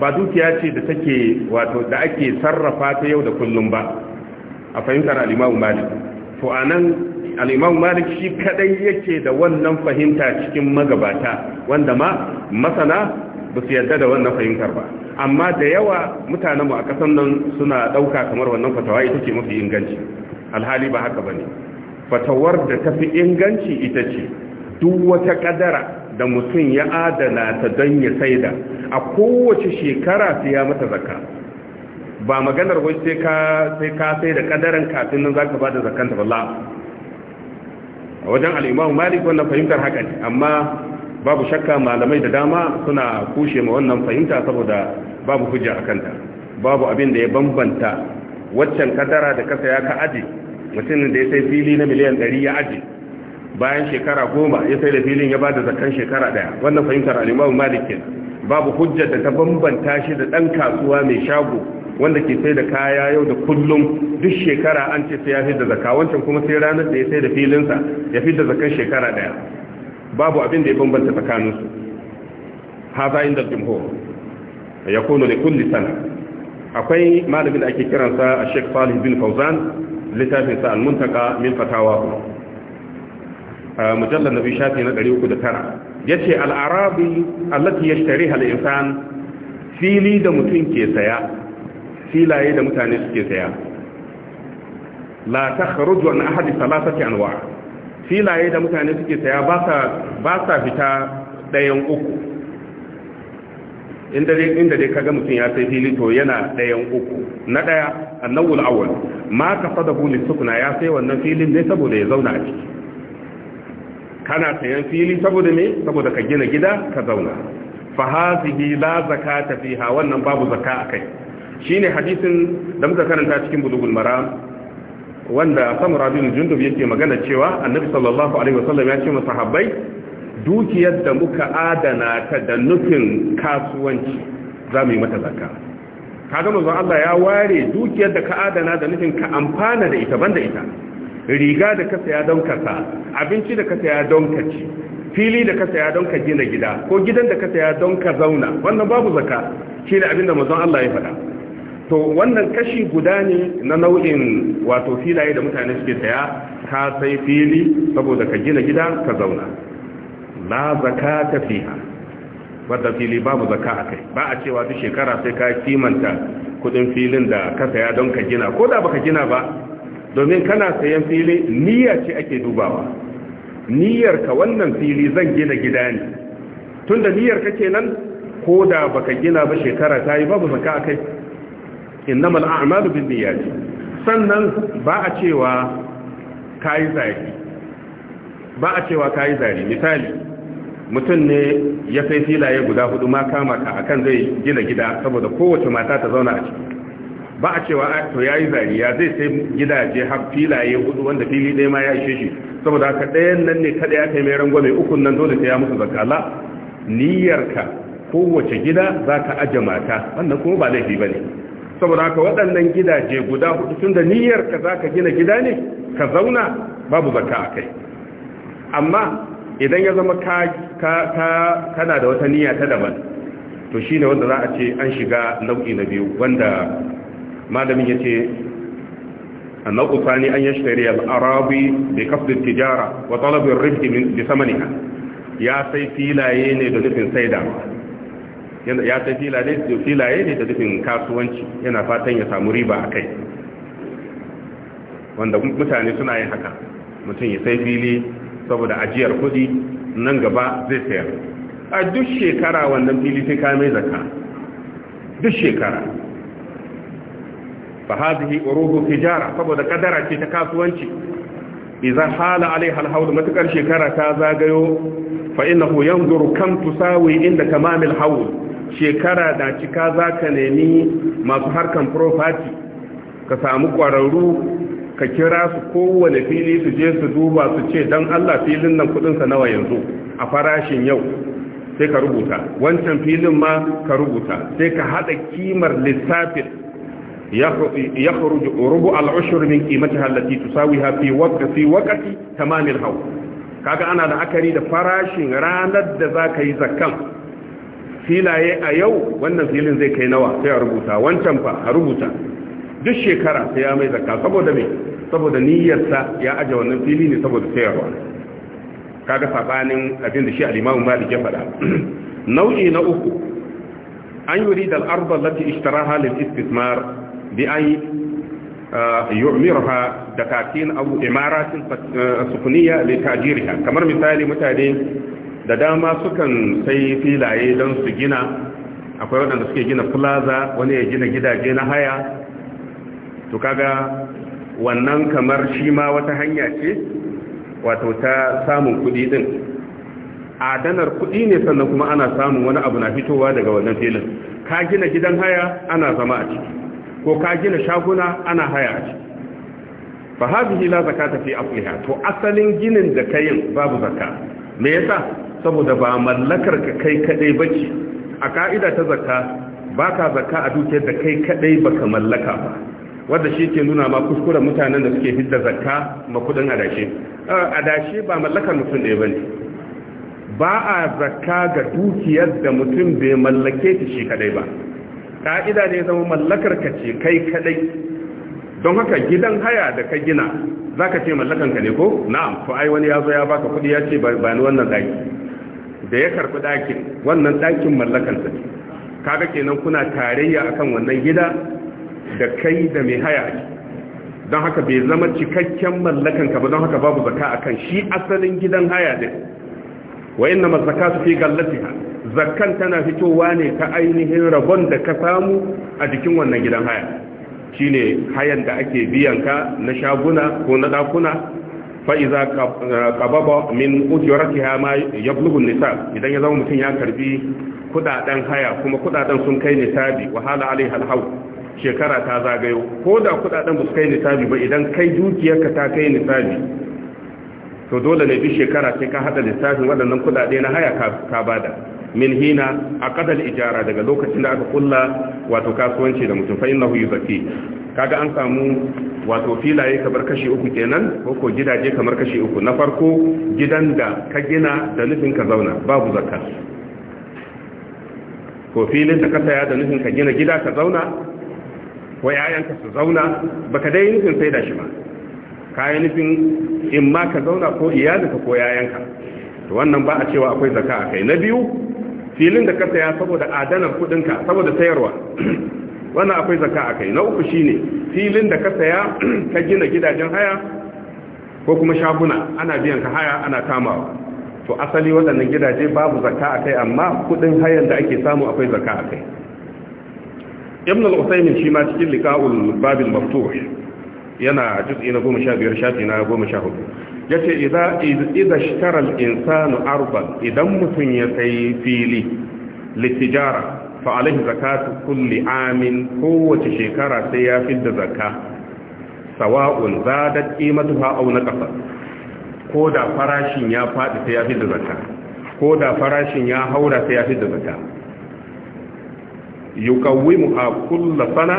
ba dukiya ce da take wato da ake sarrafa ta yau da kullum ba a fahimtar al'imamu malik to a nan al'imamu malik shi kadai yake da wannan fahimta cikin magabata wanda ma masana ba su yarda da wannan fahimtar ba amma da yawa mutanen mu a kasan nan suna ɗauka kamar wannan fatawa ita ce mafi inganci alhali ba haka bane fatawar da tafi inganci ita ce duk wata kadara da mutum ya adana ta don ya saida a kowace shekara su ya mata zakka ba maganar wai sai ka sai da kadaran kafin nan zaka bada zakkan ta a wajen al-Imam Malik wannan fahimtar haka ne amma babu shakka malamai da dama suna kushe ma wannan fahimta saboda babu hujja a kanta babu abin da ya bambanta waccan kadara da kasa ya ka aji mutumin da ya sai fili na miliyan 100 ya aji bayan shekara goma ya sai da filin ya bada zakan shekara daya wannan fahimtar al-Imam babu hujja da ta bambanta shi da dan kasuwa mai shago wanda ke sai da kaya yau da kullum duk shekara an ce sai ya fi da zaka wancan kuma sai ranar da ya sai da filinsa ya fi da zakan shekara daya babu abin da ya bambanta tsakaninsu haza inda jumhur ya kono da kulli sana akwai malamin da ake kiransa a sheik salih bin fauzan littafinsa al-muntaka min fatawa mujallar nabi shafi na 309 ya ce al'arabi allati ya shari insan fili da mutum ke saya filaye da mutane suke saya la ta kharuju an ahadi salasati anwa' filaye da mutane suke saya ba sa fita ɗayan uku inda dai kaga mutum ya sai fili to yana ɗayan uku na ɗaya annawul awal ma ka fada huli sukuna ya sai wannan filin ne saboda ya zauna a ciki kana sayan fili saboda me saboda ka gina gida ka zauna fa hazihi la zakata fiha wannan babu zakka akai shine hadisin da muka karanta cikin bulugul maram wanda samura bin jundub yake magana cewa annabi sallallahu alaihi wasallam ya ce mu sahabbai dukiyar da muka adana ta da nufin kasuwanci za mu yi mata zakka kaga manzo Allah ya ware dukiyar da ka adana da nufin ka amfana da ita banda ita riga da ka saya don ka sa abinci da ka saya don ka ci fili da ka saya don ka gina gida ko gidan da ka saya don ka zauna wannan babu zakka shine abinda manzo Allah ya faɗa to wannan kashi guda ne na nau'in wato filaye da mutane suke saya ka sai fili saboda ka gina gida ka zauna la zakata fiha wadda fili babu zaka a kai ba a cewa duk shekara sai ka kimanta kudin filin da ka saya don ka gina ko da baka gina ba domin kana sayan fili niyya ce ake dubawa niyyar ka wannan fili zan gina gida ne tunda niyyar ka kenan ko da baka gina ba shekara ta yi babu zaka a kai innamal a'malu binniyati sannan ba a cewa kai zari ba a cewa kai zari misali mutum ne ya sai filaye guda hudu ma kama ka akan zai gina gida saboda kowace mata ta zauna a ciki ba a cewa to yayi zari ya zai sai gidaje har filaye hudu wanda fili ɗaya ma ya ishe shi saboda haka ɗayan nan ne kada ya kai mai rangwame ukun nan dole sai ya musu zakala niyyarka kowace gida za ka aje mata wannan kuma ba laifi ba ne saboda haka waɗannan gidaje guda hudu tun da niyyarka ka za ka gina gida ne ka zauna babu zaka a kai amma idan ya zama kana da wata niyya ta daban to shi ne wanda za a ce an shiga nau'i na biyu wanda malamin ya ce a an النوع da أن يشتري الأراضي بقصد التجارة وطلب ya sai filaye ne da nufin sai سيدا yana ya sai filaye ne da dukkan kasuwanci yana fatan ya samu riba a kai wanda mutane suna yin haka mutum ya sai fili saboda ajiyar kudi nan gaba zai sayar a duk shekara wannan fili sai ka mai zaka duk shekara fa hadhihi uruhu tijara saboda kadara ce ta kasuwanci idan hala alaiha alhawl matakar shekara ta zagayo fa innahu yanzuru kam tusawi inda kamamil hawl shekara da cika za ka nemi masu harkan profati ka samu ƙwararru ka kira su kowane fili su je su duba su ce don allah filin nan kudinsa nawa yanzu a farashin yau sai ka rubuta wancan filin ma ka rubuta sai ka haɗa kimar lissafin ya rubu al'ushur min kimata hallati tusawi hafi wakati wakati tamamil hau kaga ana da akari da farashin ranar da za ka yi zakkan filaye a yau wannan filin zai kai nawa sai a rubuta wancan fa a rubuta duk shekara sai ya mai zakka saboda me saboda niyyarsa ya aje wannan fili ne saboda sayarwa kaga sabanin abin da shi al-Imam Malik ya faɗa [clears throat] nau'i na uku an yurida al-ardh allati ishtaraha lil istithmar bi ay ah, yu'mirha dakatin abu imaratin ah, sukuniyya li ta'jirha kamar misali mutane da dama sukan sai filaye don su gina akwai waɗanda suke gina plaza wani ya gina gidaje na haya to kaga wannan kamar shi ma wata hanya ce wato ta samun kuɗi ɗin adanar kuɗi ne sannan kuma ana samun wani abu na fitowa daga wannan filin ka gina gidan haya ana zama a ciki ko ka gina shaguna ana haya a ciki fa hadhihi la zakata fi asliha to asalin ginin da kayin babu zakka me yasa saboda ba mallakar ka kai kadai bace a ka'ida ta zakka baka zakka a dukiyar da kai kadai ka mallaka ba wanda shi ke nuna ma kuskuren mutanen da suke hidda zakka ma kudin adashi adashi ba mallakar mutum ba bane ba a zakka ga dukiyar da mutum bai mallake ta shi kadai ba ka'ida ne zama mallakar ka ce kai kadai don haka gidan haya da ka gina zaka ka ce mallakanka ne ko na'am to ai wani yazo zo ya baka kudi ya ce ba ni wannan zaki da ya karɓi ɗakin wannan ɗakin mallakansa ne kaga kenan kuna tarayya akan wannan gida da kai da mai haya don haka bai zama cikakken mallakanka ba don haka babu zaka akan shi asalin gidan haya din wa mazaka su fi ha zakkan tana fitowa ne ta ainihin rabon da ka samu a jikin wannan gidan haya shine hayan da ake biyan ka na shaguna ko na ɗakuna. fa iza qababa ya ujratiha ma yablughu nisab idan ya zama mutum ya karbi kudaden haya kuma kuɗaɗen sun kai nisabi wa hala alaiha alhawl shekara ta zagayo ko da kuɗaɗen ba su kai nisabi ba idan kai dukiyarka ta kai nisabi to dole ne duk shekara sai ka haɗa lissafin waɗannan kuɗaɗe na haya ka bada min hina a kadar ijara daga lokacin da aka kulla wato kasuwanci da mutum fa'in lahu zafi kaga an samu wato filaye kamar kashi uku kenan ko ko gidaje kamar kashi uku na farko gidan da ka gina da nufin ka zauna babu zakka ko filin da ka saya da nufin ka gina gida ka zauna ko yayanka su zauna baka dai nufin sai da shi ba kayan nufin in ma ka zauna ko iyalinka ko yayanka to wannan ba a cewa akwai zaka a kai na biyu filin da ka saya saboda adanar kudinka saboda sayarwa [clears throat] wannan akwai zaka a na uku shine filin da ka saya [clears throat] ka gina gidajen haya ko kuma shaguna ana biyan ka haya ana kamawa to asali waɗannan gidaje babu zaka a amma kudin hayan da ake samu akwai zaka a kai ibn al-usaymin shi ma cikin liqa'ul babil maftuh yana juz'i na 15 shafi na 14 ya ce idan shitarar insanu arban idan mutum ya sai fili littijara fa'alaihi zakatu kulli amin kowace shekara sai ya fi da zaka sawa'un za da ƙimatu ha'au na ƙasa ko da farashin ya faɗi sai ya fi da zaka ko da farashin ya haura sai ya fi da zaka yi kawai mu a kulla sana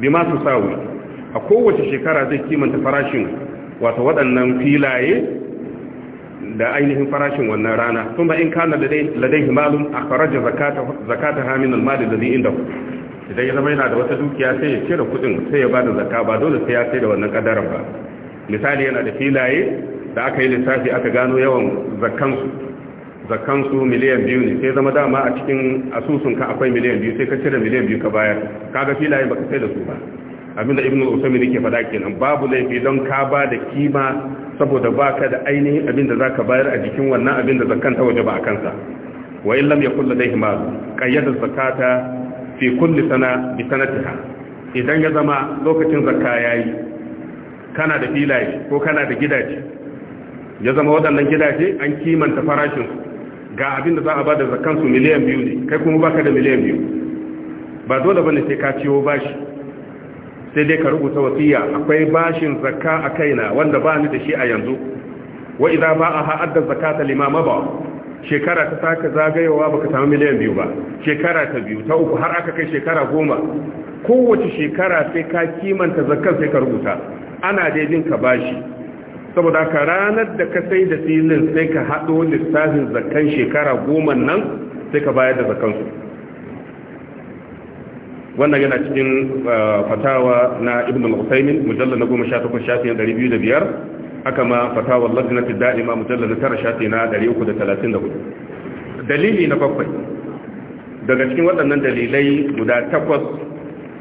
bi masu sawi a kowace shekara zai kimanta farashin wato waɗannan filaye da ainihin farashin wannan rana Suma in kana ladai himalun a faraja zakata hamin almadi da zai inda idan ya zama yana da wata dukiya sai ya cire kudin sai ya bada zakka ba dole sai ya sai da wannan kadarar ba misali yana da filaye da aka yi lissafi aka gano yawan zakkansu miliyan biyu ne sai zama dama a cikin asusunka akwai miliyan biyu sai ka cire miliyan biyu ka bayar kaga filaye baka sai da su ba abinda Ibnu usaimin yake fada kenan babu laifi don ka ba da kima saboda baka da ainihin abinda zaka bayar a jikin wannan abinda zakkan ta waje ba a kansa wa illam yakul ladayhi mal qayyada zakata fi kulli sana bi sanatiha idan ya zama lokacin zakka yayi kana da filaye ko kana da gidaje ya zama waɗannan gidaje an kimanta farashin ga abinda za a ba zakkan su miliyan biyu ne kai kuma baka da miliyan biyu ba dole bane sai ka ciwo bashi sai dai ka rubuta wasiya akwai bashin zakka a kaina wanda ba ni da shi a yanzu wa idza ba a ha'adda zakata limama ba shekara ta saka zagayowa baka samu miliyan biyu ba shekara ta biyu ta uku har aka kai shekara goma kowace shekara sai ka kimanta zakkan sai ka rubuta ana jin ka bashi saboda ka ranar da ka sai da filin sai ka haɗo lissafin zakkan shekara goma nan sai ka bayar da zakkansu wannan yana cikin eh, fatawa na ibn al-usaymin mujallal na 18 da 205 haka ma fatawa lajnati da'ima mujallal na 9 shafi na 334 dalili na bakwai daga cikin waɗannan dalilai guda takwas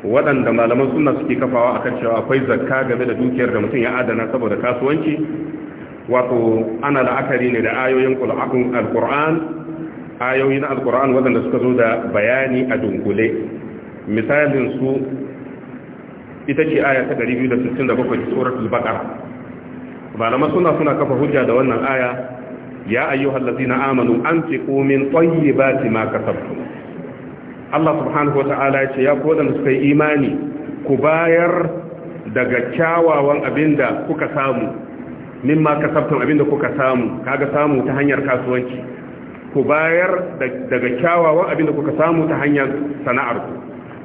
waɗanda malaman sunna suke kafawa akan cewa akwai zakka game da dukiyar da mutum ya adana saboda kasuwanci wato ana la'akari ne da ayoyin al-qur'an ayoyin al-qur'an waɗanda suka zo da bayani a dunkule misalin su ita ce aya ta 267 suratul baqara malama suna suna kafa hujja da wannan aya ya ayyuhal na amanu anfiqu min tayyibati ma kasabtu Allah subhanahu wa ta'ala ya ce ya kodan suka kai imani ku bayar daga kyawawan abinda kuka samu min ma kasabtum abinda kuka samu kaga samu ta hanyar kasuwanci ku bayar daga kyawawan abinda kuka samu ta hanyar sana'ar ku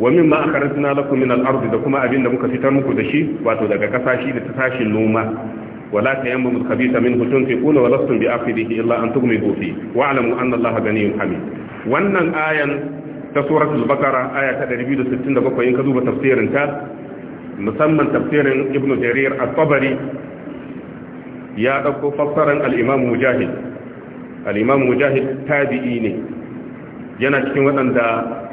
wa min ma akharajna lakum min al da kuma abinda muka fitar muku da shi wato daga kasashi da tasashin noma wala tayammamu al-khabitha minhu tunfiquna wa lastum bi akhidhihi illa an tughmidu fi wa'lamu anna Allaha ghaniyyun hamid wannan ayan ta suratul baqara aya ta 267 in ka duba tafsirin ta musamman tafsirin ibnu jarir at ya dauko fassaran mujahid tabi'i ne yana cikin waɗanda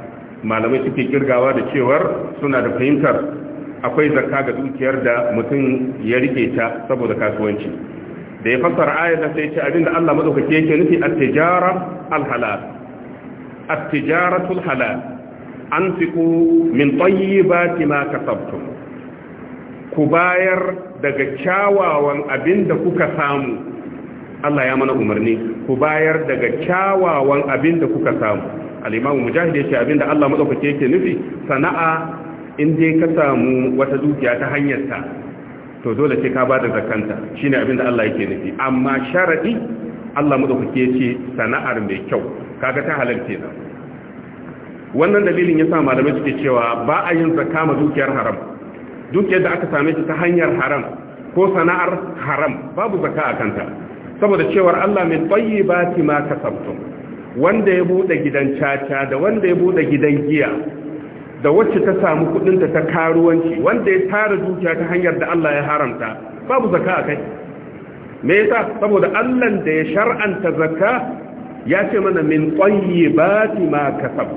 malamai suke kirgawa da cewar suna da fahimtar akwai zakka ga dukiyar da mutum ya rike ta saboda kasuwanci da ya fasar ayar da sai ce abinda Allah madaukake yake nufi at-tijara al-halal at-tijaratu an halal anfiqu min tayyibati ma kasabtum ku bayar daga kyawawan abinda kuka samu Allah ya mana umarni ku bayar daga kyawawan abinda kuka samu al-imamu ya ce abinda Allah madaukake yake nufi sana'a in dai ka samu wata dukiya ta hanyar to dole sai ka ba da zakanta shine abinda Allah yake nufi amma sharadi Allah madaukake yace sana'ar mai kyau kaga ta halalce na wannan dalilin yasa malamai suke cewa ba a yin zaka ma dukiyar haram dukiyar da aka same ta ta hanyar haram ko sana'ar haram babu zaka a kanta saboda cewar Allah min tayyibati ma kasabtum wanda ya bude gidan caca da wanda ya bude gidan giya da wacce ta samu kudinta ta karuwanci wanda ya tara dukiya ta hanyar da Allah ya haramta babu zakka akai me yasa saboda Allah da ya shar'anta zakka ya ce mana min tayyibati ma kasab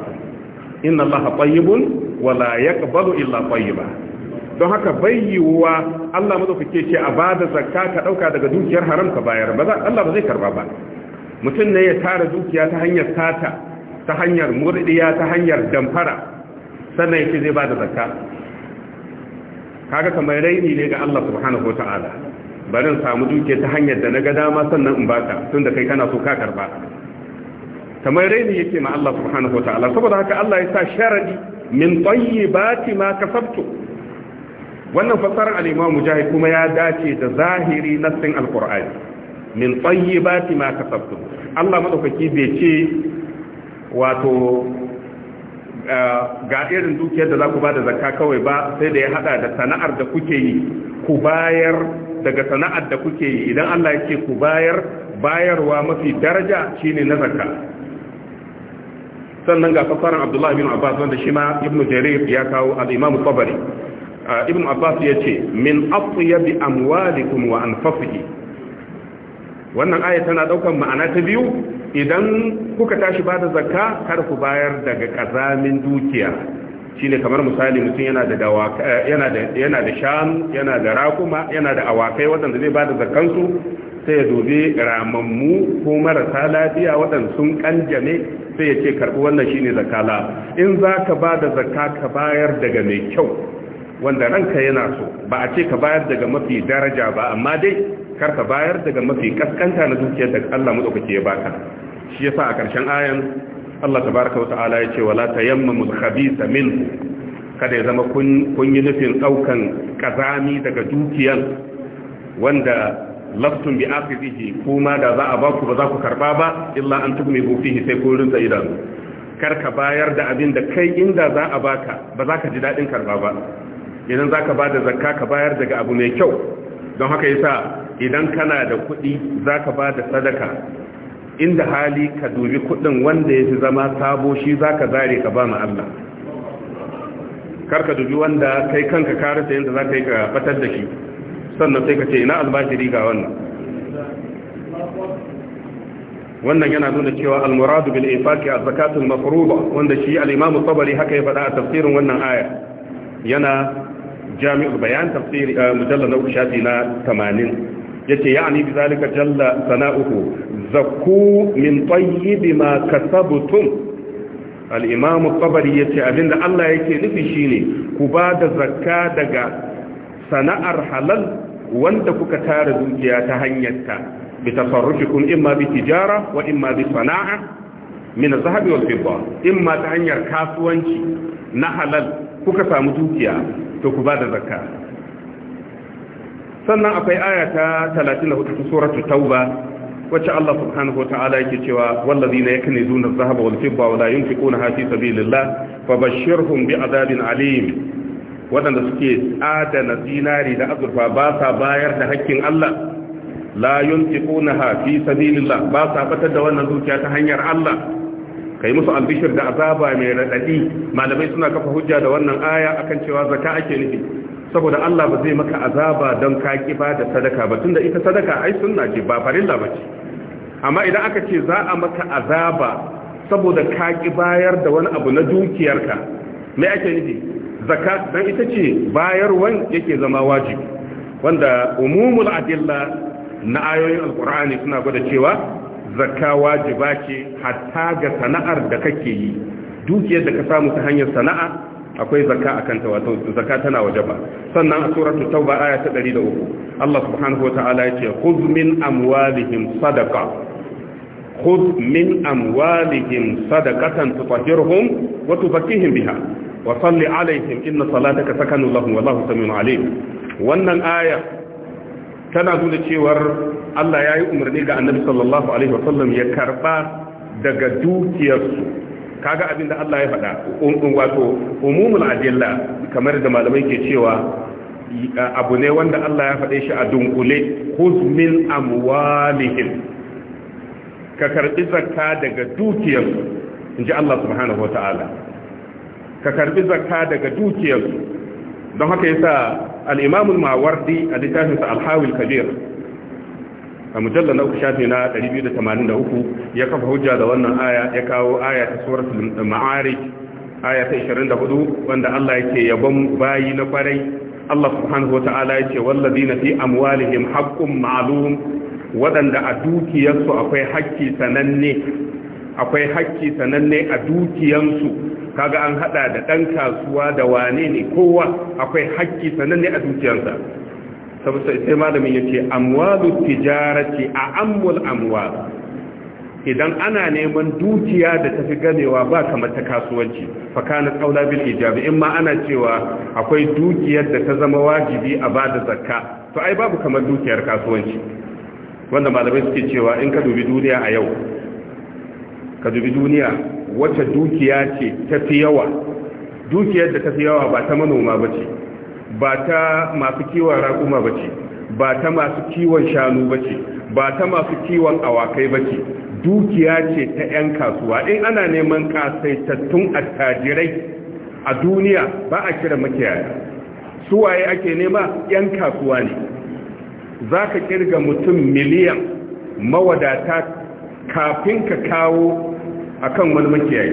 inna Allah tayyibun wa la yaqbalu illa tayyiba don haka bayyuwa Allah madaukake ce a bada zakka ka dauka daga dukiyar haram ka bayar ba Allah ba zai karba ba mutum ne ya tara dukiya ta hanyar sata ta hanyar murdiya ta hanyar damfara sannan yake zai ba da zakka kaga kamar raini ne ga Allah subhanahu wataala barin samu duke ta hanyar da na ga dama sannan in baka tunda kai kana so ka karba kamar raini yake ma Allah subhanahu wataala saboda haka Allah ya sa sharadi min tayyibati ma kasabtu wannan fasarar al-Imam Mujahid kuma ya dace da zahiri nassin al-Qur'ani min tayyibati ma kasabtum Allah madaukaki bai ce wato eh, ga irin dukiyar da za ku ba da zakka kawai ba sai da ya hada da sana'ar da kuke yi ku bayar daga sana'ar da kuke yi idan Allah ya ce ku bayar bayarwa mafi daraja shine na zakka sannan ga fasaran Abdullah bin Abbas wanda shi ma Ibn Jarir ya kawo al-Imam Tabari eh, Ibn Abbas ya ce min atyabi amwalikum wa anfasihi wannan aya tana daukan ma'ana ta biyu idan kuka tashi ba da zakka kar ku bayar daga kazamin dukiya shine kamar misali mutum yana da eh, yana da yana da shanu yana da rakuma yana da awakai waɗanda zai ba da su sai ya dobe ramammu ko marasa lafiya wadanda sun kanjame sai ya ce karbi wannan shine zakala in za ka ba da zakka ka bayar daga mai kyau wanda ranka yana so ba a ce ka bayar daga mafi daraja ba amma dai karka bayar daga mafi kaskanta na dukiyar da Allah madaukake ya baka shi yasa a ƙarshen ayan Allah tabaraka wa ta'ala ya ce wala tayammamu al-khabitha kada ya zama kun yi nufin daukan kazami daga dukiyar wanda laftun bi aqidihi kuma da za a ba ku ba za ku karba ba illa an tugmi hu fihi sai ku rinsa kar ka bayar da abin da kai inda za a baka ba za ka ji dadin karba ba idan za ka ba da zakka ka bayar daga abu mai kyau don haka yasa idan kana da kuɗi za ka ba da sadaka inda hali ka dubi kuɗin wanda ya fi zama sabo shi ka zare ka ba ma Allah ka dubi wanda kai kanka ka rasa yadda za ka yi ka fatar da shi sannan sai ka ce ina albashiri ga wannan wannan yana nuna cewa almuradu bil infaqi az-zakatul mafruḍa wanda shi al-imam tabari haka ya faɗa a tafsirin wannan aya yana jami'ul bayan tafsir eh, mujallal na shafi na 80 yace ya'ani bi zalika jalla sana'uhu zakku min tayyibi ma kasabtum al-imam at-tabari yace abinda Allah yake nufi shine ku ba da zakka daga sana'ar halal wanda kuka tara dukiya ta hanyarta bi tasarrufikum imma bi tijara wa imma bi sana'a min zahabi wal fidda in ta hanyar kasuwanci na halal kuka samu dukiya to ku bada zakka sannan akwai aya ta 34 ta suratul tauba wacce Allah subhanahu wata'ala yake cewa wallazina yaknizuna adh-dhahaba wal-fidda wa la yunfiquna fi sabilillah fabashshirhum bi'adabin alim wadanda suke adana zinari da azurfa ba sa bayar da hakkin Allah la yunfiquna fi sabilillah ba sa fatar da wannan dukiya ta hanyar Allah kai musu albishir da azaba mai raɗaɗi. malamai suna kafa hujja da wannan aya akan cewa zakka ake nufi saboda Allah ba zai maka azaba don ka kiba da sadaka ba tunda ita sadaka ai sunna ce ba farilla ce amma idan aka ce za a maka azaba saboda ka ki bayar da wani abu na dukiyarka mai ake nufi zakka dan ita ce bayarwan yake zama wajibi wanda umumul adilla na ayoyin alqur'ani suna gwada cewa zakka wajiba ce hatta ga sana'ar da kake yi dukiyar da ka samu ta hanyar sana'a akwai zakka akan ta wato zakka tana wajaba sannan a suratu tauba aya ta 103 Allah subhanahu wataala yace khudh min amwalihim sadaqa khudh min amwalihim sadaqatan tutahhiruhum wa tuzakkihim biha wa salli alaihim inna salataka sakanun lahum wallahu samiun alim wannan aya tana nuna cewar Allah ya yi umarni ga annabi sallallahu alaihi wasallam ya karba daga dukiyarsu kaga abin da Allah ya faɗa um, um, wato umumul adilla kamar da malamai ke cewa abu ne wanda Allah ya faɗe shi a dunkule khuz min amwalihim ka karbi zakka daga dukiyarsu ji Allah subhanahu ta'ala ka karbi zakka daga dukiyarsu don haka yasa al-imam al-mawardi a littafin sa al-hawil kabir a mujalla na uku shafi na 283 ya kafa hujja da wannan aya ya kawo aya ta suratul ma'arij aya ta 24 wanda Allah yake yabon bayi na kwarai Allah subhanahu ce yake wallazina fi amwalihim haqqun ma'lum wadanda a dukiyarsu akwai haƙƙi sananne akwai haƙƙi sananne a dukiyarsu. kaga an hada da dan kasuwa da wane ne kowa akwai haƙƙi sananne a dukiyarsa saboda sai malamin yace amwalu tijarati a amul amwal idan ana neman dukiya da tafi ganewa ba kamar ta kasuwanci fakana qaula bil ijabi in ma ana cewa akwai dukiyar da ta zama wajibi a bada zakka to ai babu kamar dukiyar kasuwanci wanda malamai suke cewa in ka dubi duniya a yau ka dubi duniya wata dukiya ce tafi yawa dukiyar da tafi yawa ba ta manoma ba ce ba ta masu kiwon raƙuma ba ce ba ta masu kiwon shanu ba ce ba ta masu kiwon awakai ba ce dukiya ce ta 'yan kasuwa in ana neman kasaitattun attajirai a duniya ba a kira makiyaya suwaye ake nema 'yan kasuwa ne za ka kirga mutum miliyan mawadata kafin ka kawo a kan wani makiyayi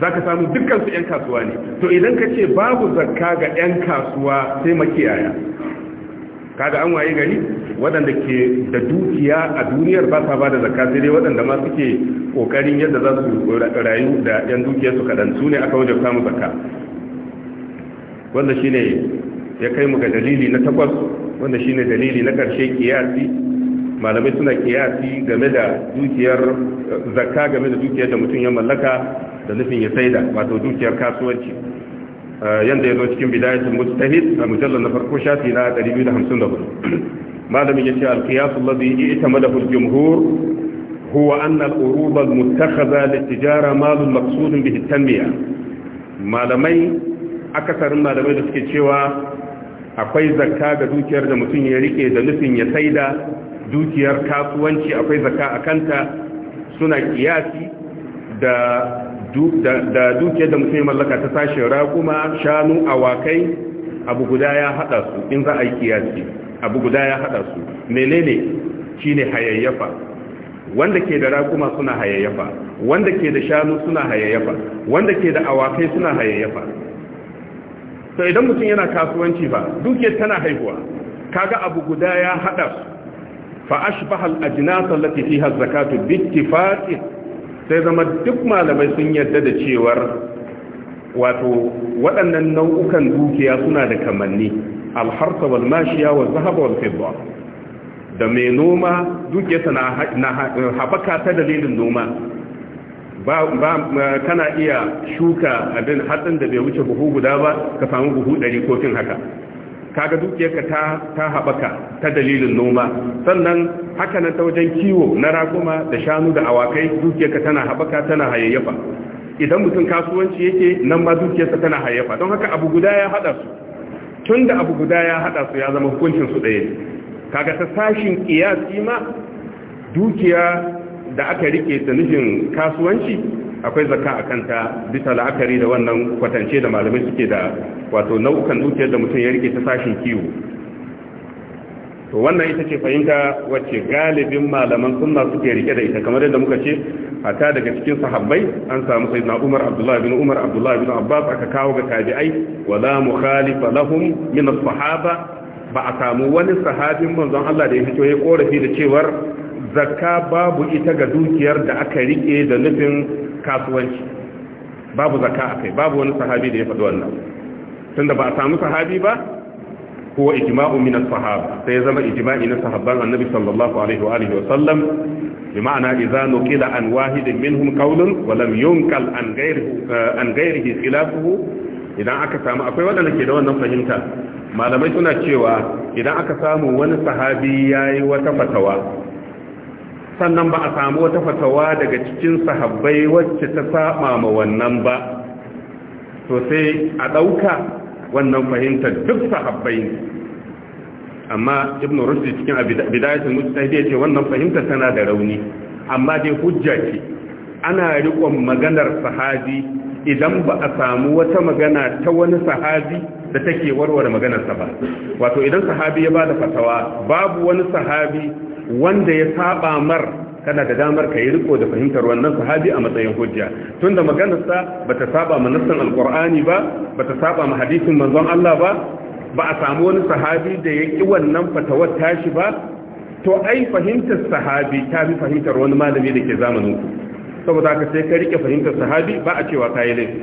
za ka samu dukkansu 'yan kasuwa ne to idan ka ce babu zakka ga 'yan kasuwa sai makiyaya kaga an waye gari waɗanda ke da dukiya a duniyar ba ta ba da zakka sai dai waɗanda ma suke ƙoƙarin yadda za su rayu da 'yan dukiyarsu kaɗan su ne aka wajen samu zakka wanda shine ya kai mu ga dalili na takwas wanda shine dalili na ƙarshe kiyasi malamai suna kiyasi game da dukiyar zakka game da dukiyar da mutum ya mallaka da nufin ya saida wato dukiyar kasuwanci eh, yanda ya zo cikin bidayatul mustahid a mujallar na farko shafi na 254 malamin yace al-qiyas alladhi i'tamadahu al-jumhur huwa anna al-urub al-muttakhadha lit-tijara malun maqsudun bihi at-tanmiya malamai akasarin malamai da suke cewa akwai zakka ga dukiyar da mutum ya rike da nufin ya saida dukiyar kasuwanci akwai zaka a kanta suna kiyasi da da dukiyar da mutum mallaka ta sashen raƙuma shanu awakai abu guda ya haɗa su in za a yi kiyasi abu guda ya haɗa su menene shine hayayyafa wanda ke da raƙuma suna hayayyafa wanda ke da shanu suna hayayyafa wanda ke da awakai suna hayayyafa to idan mutum yana kasuwanci ba dukiyar tana haihuwa kaga abu guda ya haɗa su fa ashbaha al-ajnas allati fiha az-zakatu bi ittifaqi sai zama duk malamai sun yarda da cewar wato waɗannan nau'ukan dukiya suna da kamanni alharsa mashiya wa zahaba wal da mai noma dukiyarsa na haɓaka ta dalilin noma ba kana iya shuka abin hatsin da bai wuce buhu guda ba ka samu buhu ɗari ko fin haka kaga dukiyarka ta ta haɓaka ta dalilin noma sannan haka nan ta wajen kiwo na raguma da shanu da awakai dukiyarka tana haɓaka tana hayayyafa idan mutum kasuwanci yake nan ma dukiyarsa tana hayayyafa don haka abu guda ya haɗa su tun da abu guda ya haɗa su ya zama hukuncin su ɗaya kaga ta sashin kiyasi ma dukiya da aka rike da nufin kasuwanci akwai zakka a kanta bisa la'akari da wannan kwatance da malamai suke da wato nau'ukan dukiyar da mutum ya rike ta sashin kiwo to wannan ita ce fahimta wacce galibin malaman sunna suke rike da ita kamar yadda muka ce hata daga cikin sahabbai an samu na Umar Abdullah bin Umar Abdullah bin Abbas aka kawo ga tabi'ai wala mukhalifa lahum min as-sahaba ba a samu wani sahabin manzon Allah da ya fito ya korafi da cewar zakka babu ita ga dukiyar da aka rike da nufin kasuwanci babu zakka akai babu wani sahabi da ya faɗi wannan tunda ba a samu sahabi ba ko ijma'u min as-sahaba sai zama ijma'i na sahabban annabi sallallahu alaihi wa alihi wa sallam bi ma'ana idza nuqila an wahidin minhum qawlun wa lam yunqal an ghayrihi eh, an ghayrihi khilafuhu idan aka samu akwai wanda ke da wannan fahimta malamai suna cewa idan aka samu wani sahabi yayi wata fatawa sannan ba a samu wata fatawa daga cikin sahabbai wacce ta saba ma wannan ba to sai a ɗauka wannan fahimtar duk sahabbai ne amma ibn rushd cikin bidayatul mujtahid yace wannan fahimtar tana da rauni amma dai hujja ce ana riƙon maganar sahabi idan ba a samu wata magana ta wani sahabi da take warware maganarsa ba wato idan sahabi ya ba da fatawa babu wani sahabi wanda ya saba mar kana da damar ka yi riko da fahimtar wannan sahabi a matsayin hujja tunda maganarsa ta saba ma nassan alqur'ani ba ba ta saba ma hadisin manzon Allah ba ba a samu wani sahabi da ya ki wannan fatawar tashi ba to ai fahimtar sahabi ta fi fahimtar wani malami da ke zamanin ku saboda haka sai ka rike fahimtar sahabi ba a cewa kayi laifi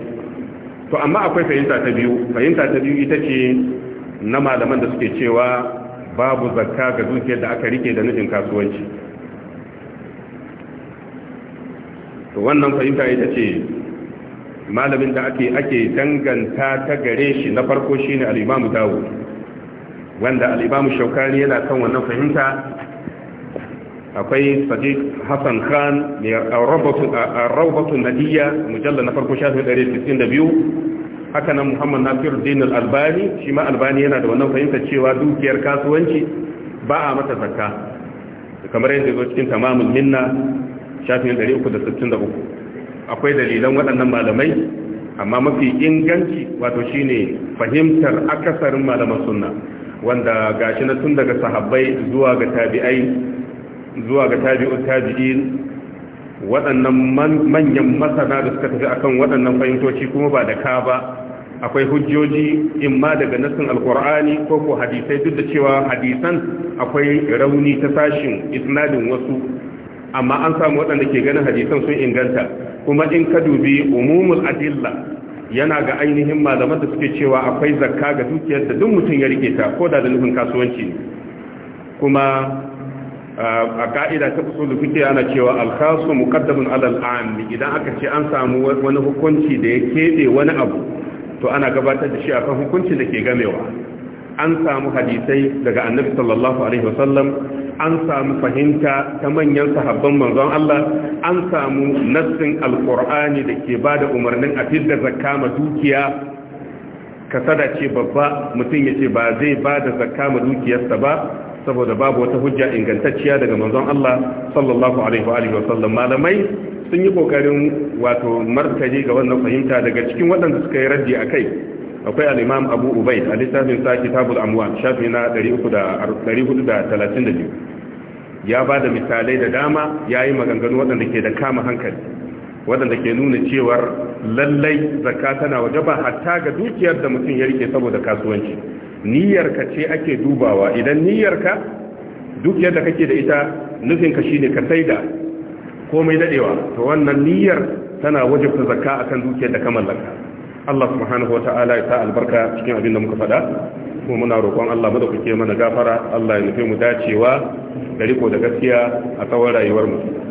to amma akwai fahimta ta biyu fahimta ta biyu ita ce na malaman da suke cewa babu zakka ga dukiyar da aka rike da nufin kasuwanci to wannan fahimta ita ce malamin da ake ake danganta ta gare shi na farko shine al-Imam Dawud wanda al-Imam Shawkani yana kan wannan fahimta akwai Sadiq Hassan Khan ne a Rawbatun Nadiyya mujallal na farko shafi haka nan muhammad nasiruddin al-albani shi ma albani yana da wannan fahimta cewa dukiyar kasuwanci ba a mata zakka kamar yadda zo cikin tamamul minna shafin 363 akwai dalilan waɗannan malamai amma mafi inganci wato shine fahimtar akasarin malaman sunna wanda gashi na tun daga sahabbai zuwa ga tabi'ai zuwa ga tabi'u tabi'in waɗannan manyan masana da suka tafi akan waɗannan fahimtoci kuma ba da ka ba akwai hujjoji in ma daga nassin alkur'ani ko ko hadisai duk da cewa hadisan akwai rauni ta sashin isnadin wasu amma an samu waɗanda ke ganin hadisan sun inganta kuma in ka dubi umumul adilla yana ga ainihin malaman da suke cewa akwai zakka ga dukiyar da duk mutum ya rike ta ko da da nufin kasuwanci kuma a ka'ida ta usul fiqh ana cewa alkhasu mukaddamin muqaddamun ala idan aka ce an samu wani hukunci da ya keɓe wani abu to ana gabatar da shi akan hukuncin da ke gamewa an samu hadisai daga annabi sallallahu alaihi wasallam an samu fahimta ta manyan sahabban manzon Allah an samu nassin alqur'ani da ke bada umarnin a fidda zakka ma dukiya kasada ce babba mutum ya ce ba zai ba da zakka ma dukiyarsa ba saboda babu wata hujja ingantacciya daga manzon Allah sallallahu alaihi wa sallam malamai sun yi kokarin wato martani ga wannan fahimta daga cikin waɗanda suka yi raddi a kai akwai al'imam abu ubaid a littafin sa kitabul amwal shafi na 432 ya ba da misalai da dama ya yi maganganu waɗanda ke da kama hankali waɗanda ke nuna cewar lallai zakka tana waje ba hatta ga dukiyar da mutum ya rike saboda kasuwanci niyyarka ce ake dubawa idan niyyarka dukiyar da kake da ita nufinka shine ka saida komai dadewa to wannan niyyar tana wajibta zakka akan dukiyar da ka mallaka Allah subhanahu wata'ala ya sa albarka cikin abin da muka faɗa kuma muna roƙon Allah madaukake mana gafara Allah ya nufi mu dacewa da riko da gaskiya a tsawon rayuwar mu